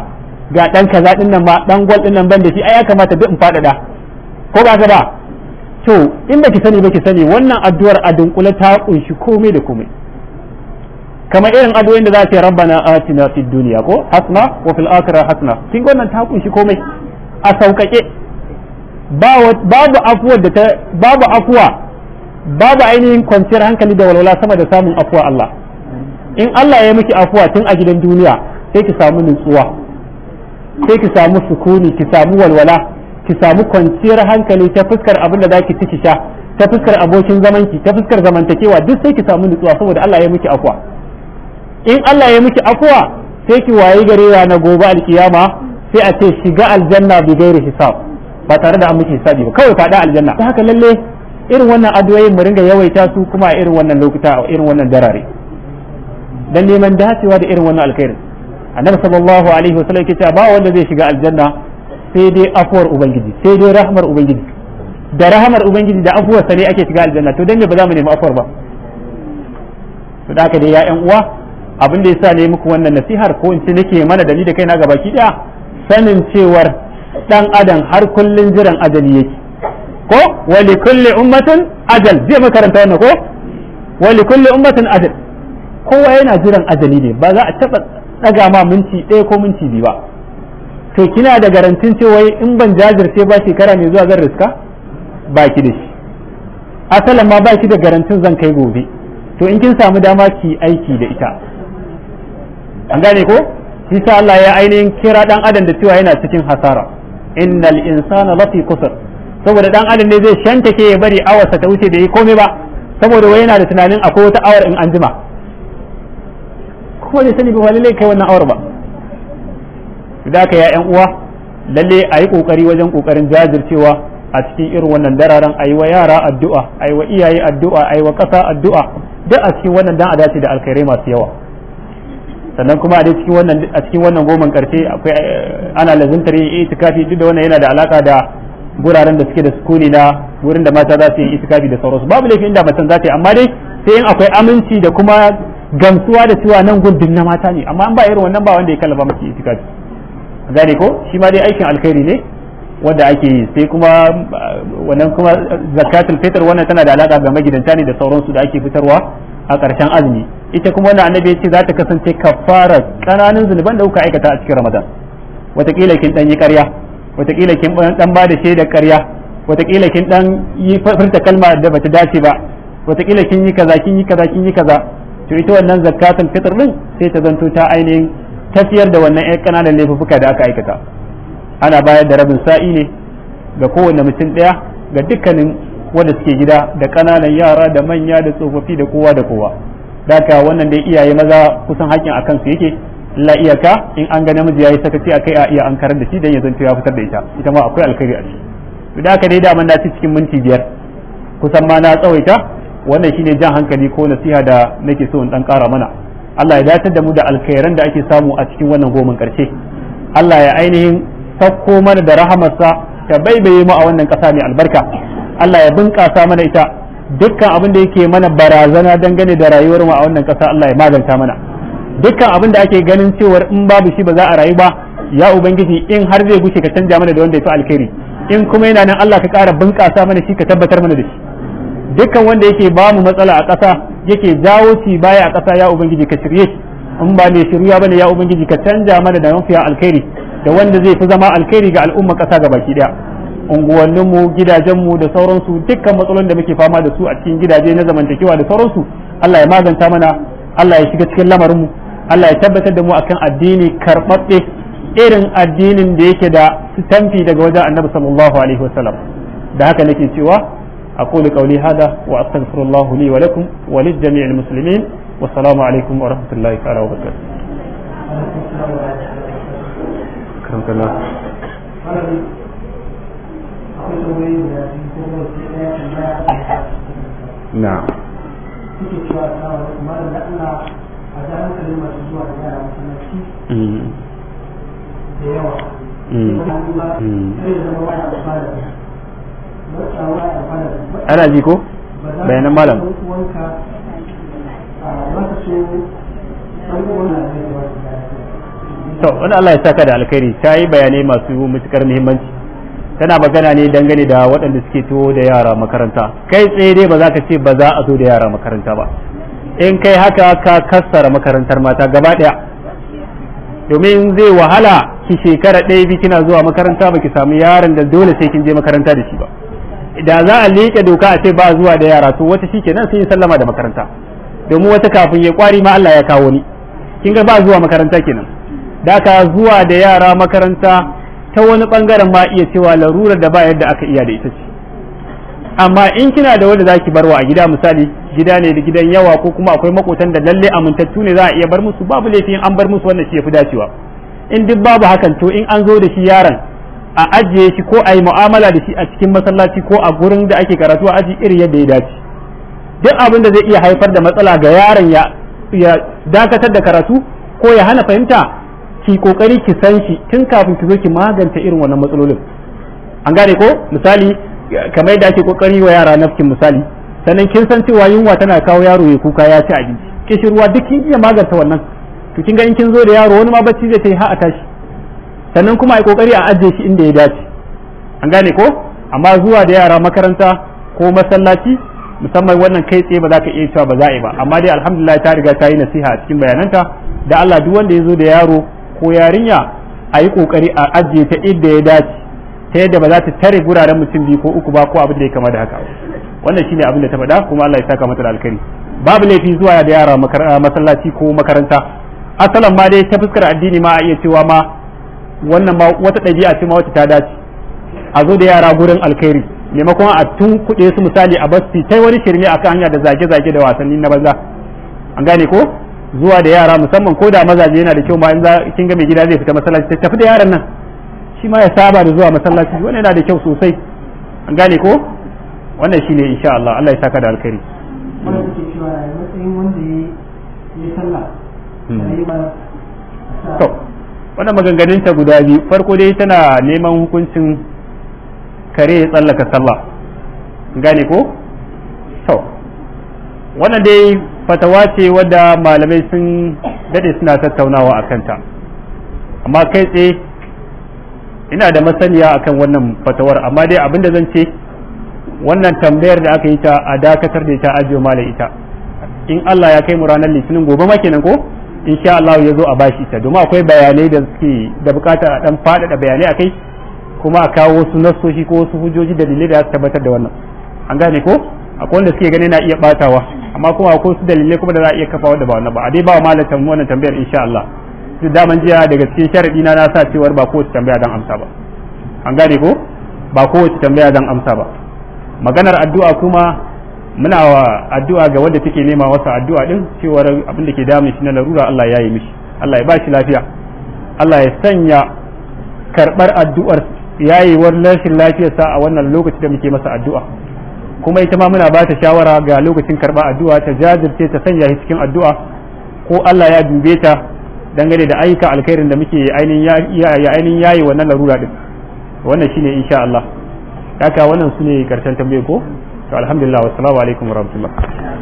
ga dan kaza din nan ma dan gwal din nan ban da shi ai ya kamata duk in fadada ko ba ka ba to in baki sani baki sani wannan addu'ar a dunkule ta kunshi komai da komai kamar irin addu'o'in da za ta yi rabbana atina fid dunya ko hasna wa fil akhirah hasna kin wannan ta kunshi komai a saukake babu afuwa da ta babu afuwa babu ainihin kwanciyar hankali da walwala sama da samun afuwa Allah in Allah ya miki afuwa tun a gidan duniya sai ki samu nutsuwa sai ki samu sukuni ki samu walwala ki samu kwanciyar hankali ta fuskar abin da zaki ci ki sha ta fuskar abokin zamanki ta fuskar zamantakewa duk sai ki samu nutsuwa saboda Allah ya miki afwa in Allah ya miki afwa sai ki wayi gare na gobe alkiyama sai a ce shiga aljanna bi gairi hisab ba tare da an miki hisabi ba kawai fada aljanna ta haka lalle irin wannan addu'o'in mu ringa yawaita su kuma a irin wannan lokuta a irin wannan darare dan neman dacewa da irin wannan alkhairin annabi sallallahu alaihi wasallam yake cewa ba wanda zai shiga aljanna sai dai afuwar ubangiji sai dai rahmar ubangiji da rahmar ubangiji da afuwar sa ne ake shiga aljanna to dan ba za mu nemi afuwar ba to da haka dai ya ƴan uwa abin da yasa ne muku wannan nasihar ko in ce nake mana da ni da kaina ga baki daya sanin cewar dan adam har kullun jiran ajali yake ko wa li kulli ummatin ajal zai makaranta wannan ko wa li kulli ummatin ajal kowa yana jiran ajali ne ba za a taba daga ma minti ɗaya ko minti biyu ba to kina da garantin cewa in ban jajirce ba shekara mai zuwa zan riska ba ki da shi asalin ma ba ki da garantin zan kai gobe to in kin samu dama ki aiki da ita an gane ko shi sa Allah ya ainihin kira dan adam da cewa yana cikin hasara innal insana lafi kusur saboda dan adam ne zai ke ya bari awarsa ta wuce da yi komai ba saboda wai yana da tunanin akwai wata awar in an jima ko da sani ba lallai kai wannan awar ba da aka ya yan uwa lalle a yi kokari wajen kokarin jajircewa a cikin irin wannan dararen a yi wa yara addu'a a yi wa iyaye addu'a a yi wa ƙasa addu'a duk a cikin wannan dan a dace da alkhairai masu yawa sannan kuma a cikin wannan a cikin wannan goman karshe akwai eh, ana lazuntar yin itikafi duk da wannan yana da alaka da guraren da suke da sukuni na wurin da mata za su yi itikafi da sauransu babu laifin inda macen za ta yi amma dai sai in akwai aminci da kuma gamsuwa da cewa nan gundun na mata ne amma an ba irin wannan ba wanda ya kallafa mace itikafi gane ko shi ma dai aikin alkhairi ne wanda ake yi sai kuma wannan kuma zakatul fitr wannan tana da alaka ga magidanta ne da sauransu da ake fitarwa a ƙarshen azumi ita kuma wannan annabi ya ce za ta kasance kafara ƙananan zunuban da kuka aikata a cikin ramadan watakila kin dan yi karya watakila kin dan ba da shaida ƙarya wataƙila kin dan yi furta kalma da bata dace ba watakila kin yi kaza kin yi kaza kin yi kaza to ita wannan zakatul fitr din sai ta zanto ta ainihin tafiyar da wannan ƴan ƙananan laifuka da aka aikata ana bayar da rabin sa'i ne ga kowane mutum ɗaya ga dukkanin wanda suke gida da ƙananan yara da manya da tsofaffi da kowa da kowa daga wannan dai iyaye maza kusan haƙƙin a kansu yake la iyaka in an ga namiji yayi sakaci akai a iya an karar da shi dan ya zanto ya fitar da ita ita ma akwai alkhairi a ciki to da ka dai da na ci cikin minti biyar kusan ma na tsawaita wannan shine jan hankali ko nasiha da nake so in dan kara mana Allah ya datar da mu da alkhairan da ake samu a cikin wannan goman karshe Allah ya ainihin sakko mana da rahamarsa ta baibaye mu a wannan ƙasa mai albarka Allah ya bunƙasa mana ita dukkan abin da yake mana barazana dangane da rayuwar mu a wannan ƙasa Allah ya maganta mana dukkan abin da ake ganin cewa in babu shi ba za a rayu ba ya ubangiji in har zai gushe ka canja mana da wanda ya fi alkhairi in kuma yana nan Allah ka ƙara bunƙasa mana shi ka tabbatar mana da shi dukkan wanda yake ba mu matsala a ƙasa yake jawo ci baya a ƙasa ya ubangiji ka shirye in ba mai shirya bane ya ubangiji ka canja mana da mafiya alkhairi da wanda zai fi zama alkhairi ga al'umma ƙasa ga baki daya unguwannin mu gidajen mu da sauransu dukkan matsalolin da muke fama da su a cikin gidaje na zamantakewa da sauransu Allah ya maganta mana Allah ya shiga cikin lamarin mu Allah ya tabbatar da mu akan addini karɓaɓɓe irin addinin da yake da tamfi daga wajen annabi sallallahu alaihi wasallam da haka nake cewa أقول قولي هذا وأستغفر الله لي ولكم ولجميع المسلمين والسلام عليكم ورحمة الله تعالى وبركاته كرمت الله نعم da نعم. yawa. ana ji ko bayanan malam to wani Allah ya saka da alkhairi ta yi bayanai masu matukar muhimmanci tana magana ne dangane da waɗanda suke tuwo da yara makaranta kai tsaye dai ba za ka ce ba za a zo da yara makaranta ba in kai haka ka kassara makarantar mata gaba ɗaya domin zai wahala ki shekara ɗaya bi kina zuwa makaranta ba ki samu yaran da dole sai kin je makaranta da shi ba da za a leƙe doka a ce ba zuwa da yara to wata shi kenan sai yi sallama da makaranta domin wata kafin ya kwari ma Allah ya kawo ni kin ga ba zuwa makaranta kenan da ka zuwa da yara makaranta ta wani bangaren ma iya cewa larurar da ba yadda aka iya da ita ce amma in kina da wanda zaki barwa a gida misali gida ne da gidan yawa ko kuma akwai makotan da lalle amintattu ne za a iya bar musu babu laifin an bar musu wannan shi yafi dacewa in duk babu hakan to in an zo da shi yaran a ajiye shi ko a yi mu'amala da shi a cikin masallaci ko a gurin da ake karatu a aji iri yadda ya dace duk abin da zai iya haifar da matsala ga yaron ya dakatar da karatu ko ya hana fahimta ki kokari ki san shi tun kafin ki zo ki magance irin wannan matsalolin an gane ko misali kamar yadda ake kokari wa yara nafkin misali sannan kin san cewa yunwa tana kawo yaro ya kuka ya ci abinci kishirwa duk kin iya magance wannan to kin ga in kin zo da yaro wani ma bacci zai ta yi ha a tashi sannan kuma a yi kokari a ajiye shi inda ya dace an gane ko amma zuwa da yara makaranta ko masallaci musamman wannan kai tsaye ba za ka iya cewa ba za ba amma dai alhamdulillah ta riga ta yi nasiha a cikin bayananta da Allah duk wanda ya zo da yaro ko yarinya a yi kokari a ajiye ta inda ya dace ta yadda ba za ta tare guraren mutum biyu ko uku ba ko abin da ya kama da haka wannan shine abin da ta faɗa kuma Allah ya saka mata da alkari babu laifi zuwa da yara masallaci ko makaranta asalan ma dai ta fuskar addini ma a iya cewa ma wannan ba wata ɗabi'a ce ma wata ta dace a zo da yara gurin alkhairi maimakon a tun kuɗe su misali a basti ta wani shirme akan hanya da zage-zage da wasanni na banza an gane ko zuwa da yara musamman ko da mazaje yana da kyau ma in za kin ga mai gida zai fita masallaci ta tafi da yaran nan shi ma ya saba da zuwa masallaci wannan yana da kyau sosai an gane ko wannan shine insha Allah Allah ya saka da alkhairi wannan ke cewa matsayin wanda ya sallah hmm. wannan maganganunta guda biyu farko dai tana neman hukuncin kare ya tsallaka sallah gane ko so wannan dai fatawa ce wadda malamai sun dade suna tattaunawa a kanta amma kai tsaye ina da masaniya akan wannan fatawar amma dai abinda zan ce wannan tambayar da aka yi ta a dakatar da ita ajiyo mala ita in Allah ya kai mu ranar litinin gobe ma kenan ko insha Allah ya zo a bashi ta domin akwai bayanai da suke da bukatar a dan faɗaɗa bayanai akai kuma a kawo wasu nassoshi ko wasu hujjoji da dalilai da su tabbatar da wannan an gane ko akwai wanda suke gani na iya batawa amma kuma akwai wasu dalilai kuma da za a iya kafa wanda ba wannan ba a dai ba malam wannan tambayar insha Allah duk man jiya daga cikin sharadi na na sa cewar ba ko tambaya dan amsa ba an gane ko ba ko tambaya dan amsa ba maganar addu'a kuma muna wa addu'a ga wanda take nema wasa addu'a din cewa abin da ke damun shi na larura Allah ya yi mishi Allah ya ba shi lafiya Allah ya sanya karbar addu'ar yayewar rashin lafiyarsa a wannan lokacin da muke masa addu'a kuma ita ma muna ba ta shawara ga lokacin karba addu'a ta jajirce ta sanya shi cikin addu'a ko Allah ya dube ta dangane da ayyuka alkhairin da muke ainihin yayi wannan larura din wannan shine insha Allah haka wannan su karshen tambaye ko to alhamdulillah wassalamu alaikum warahmatullahi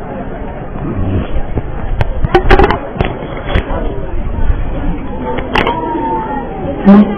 Thank hmm? you.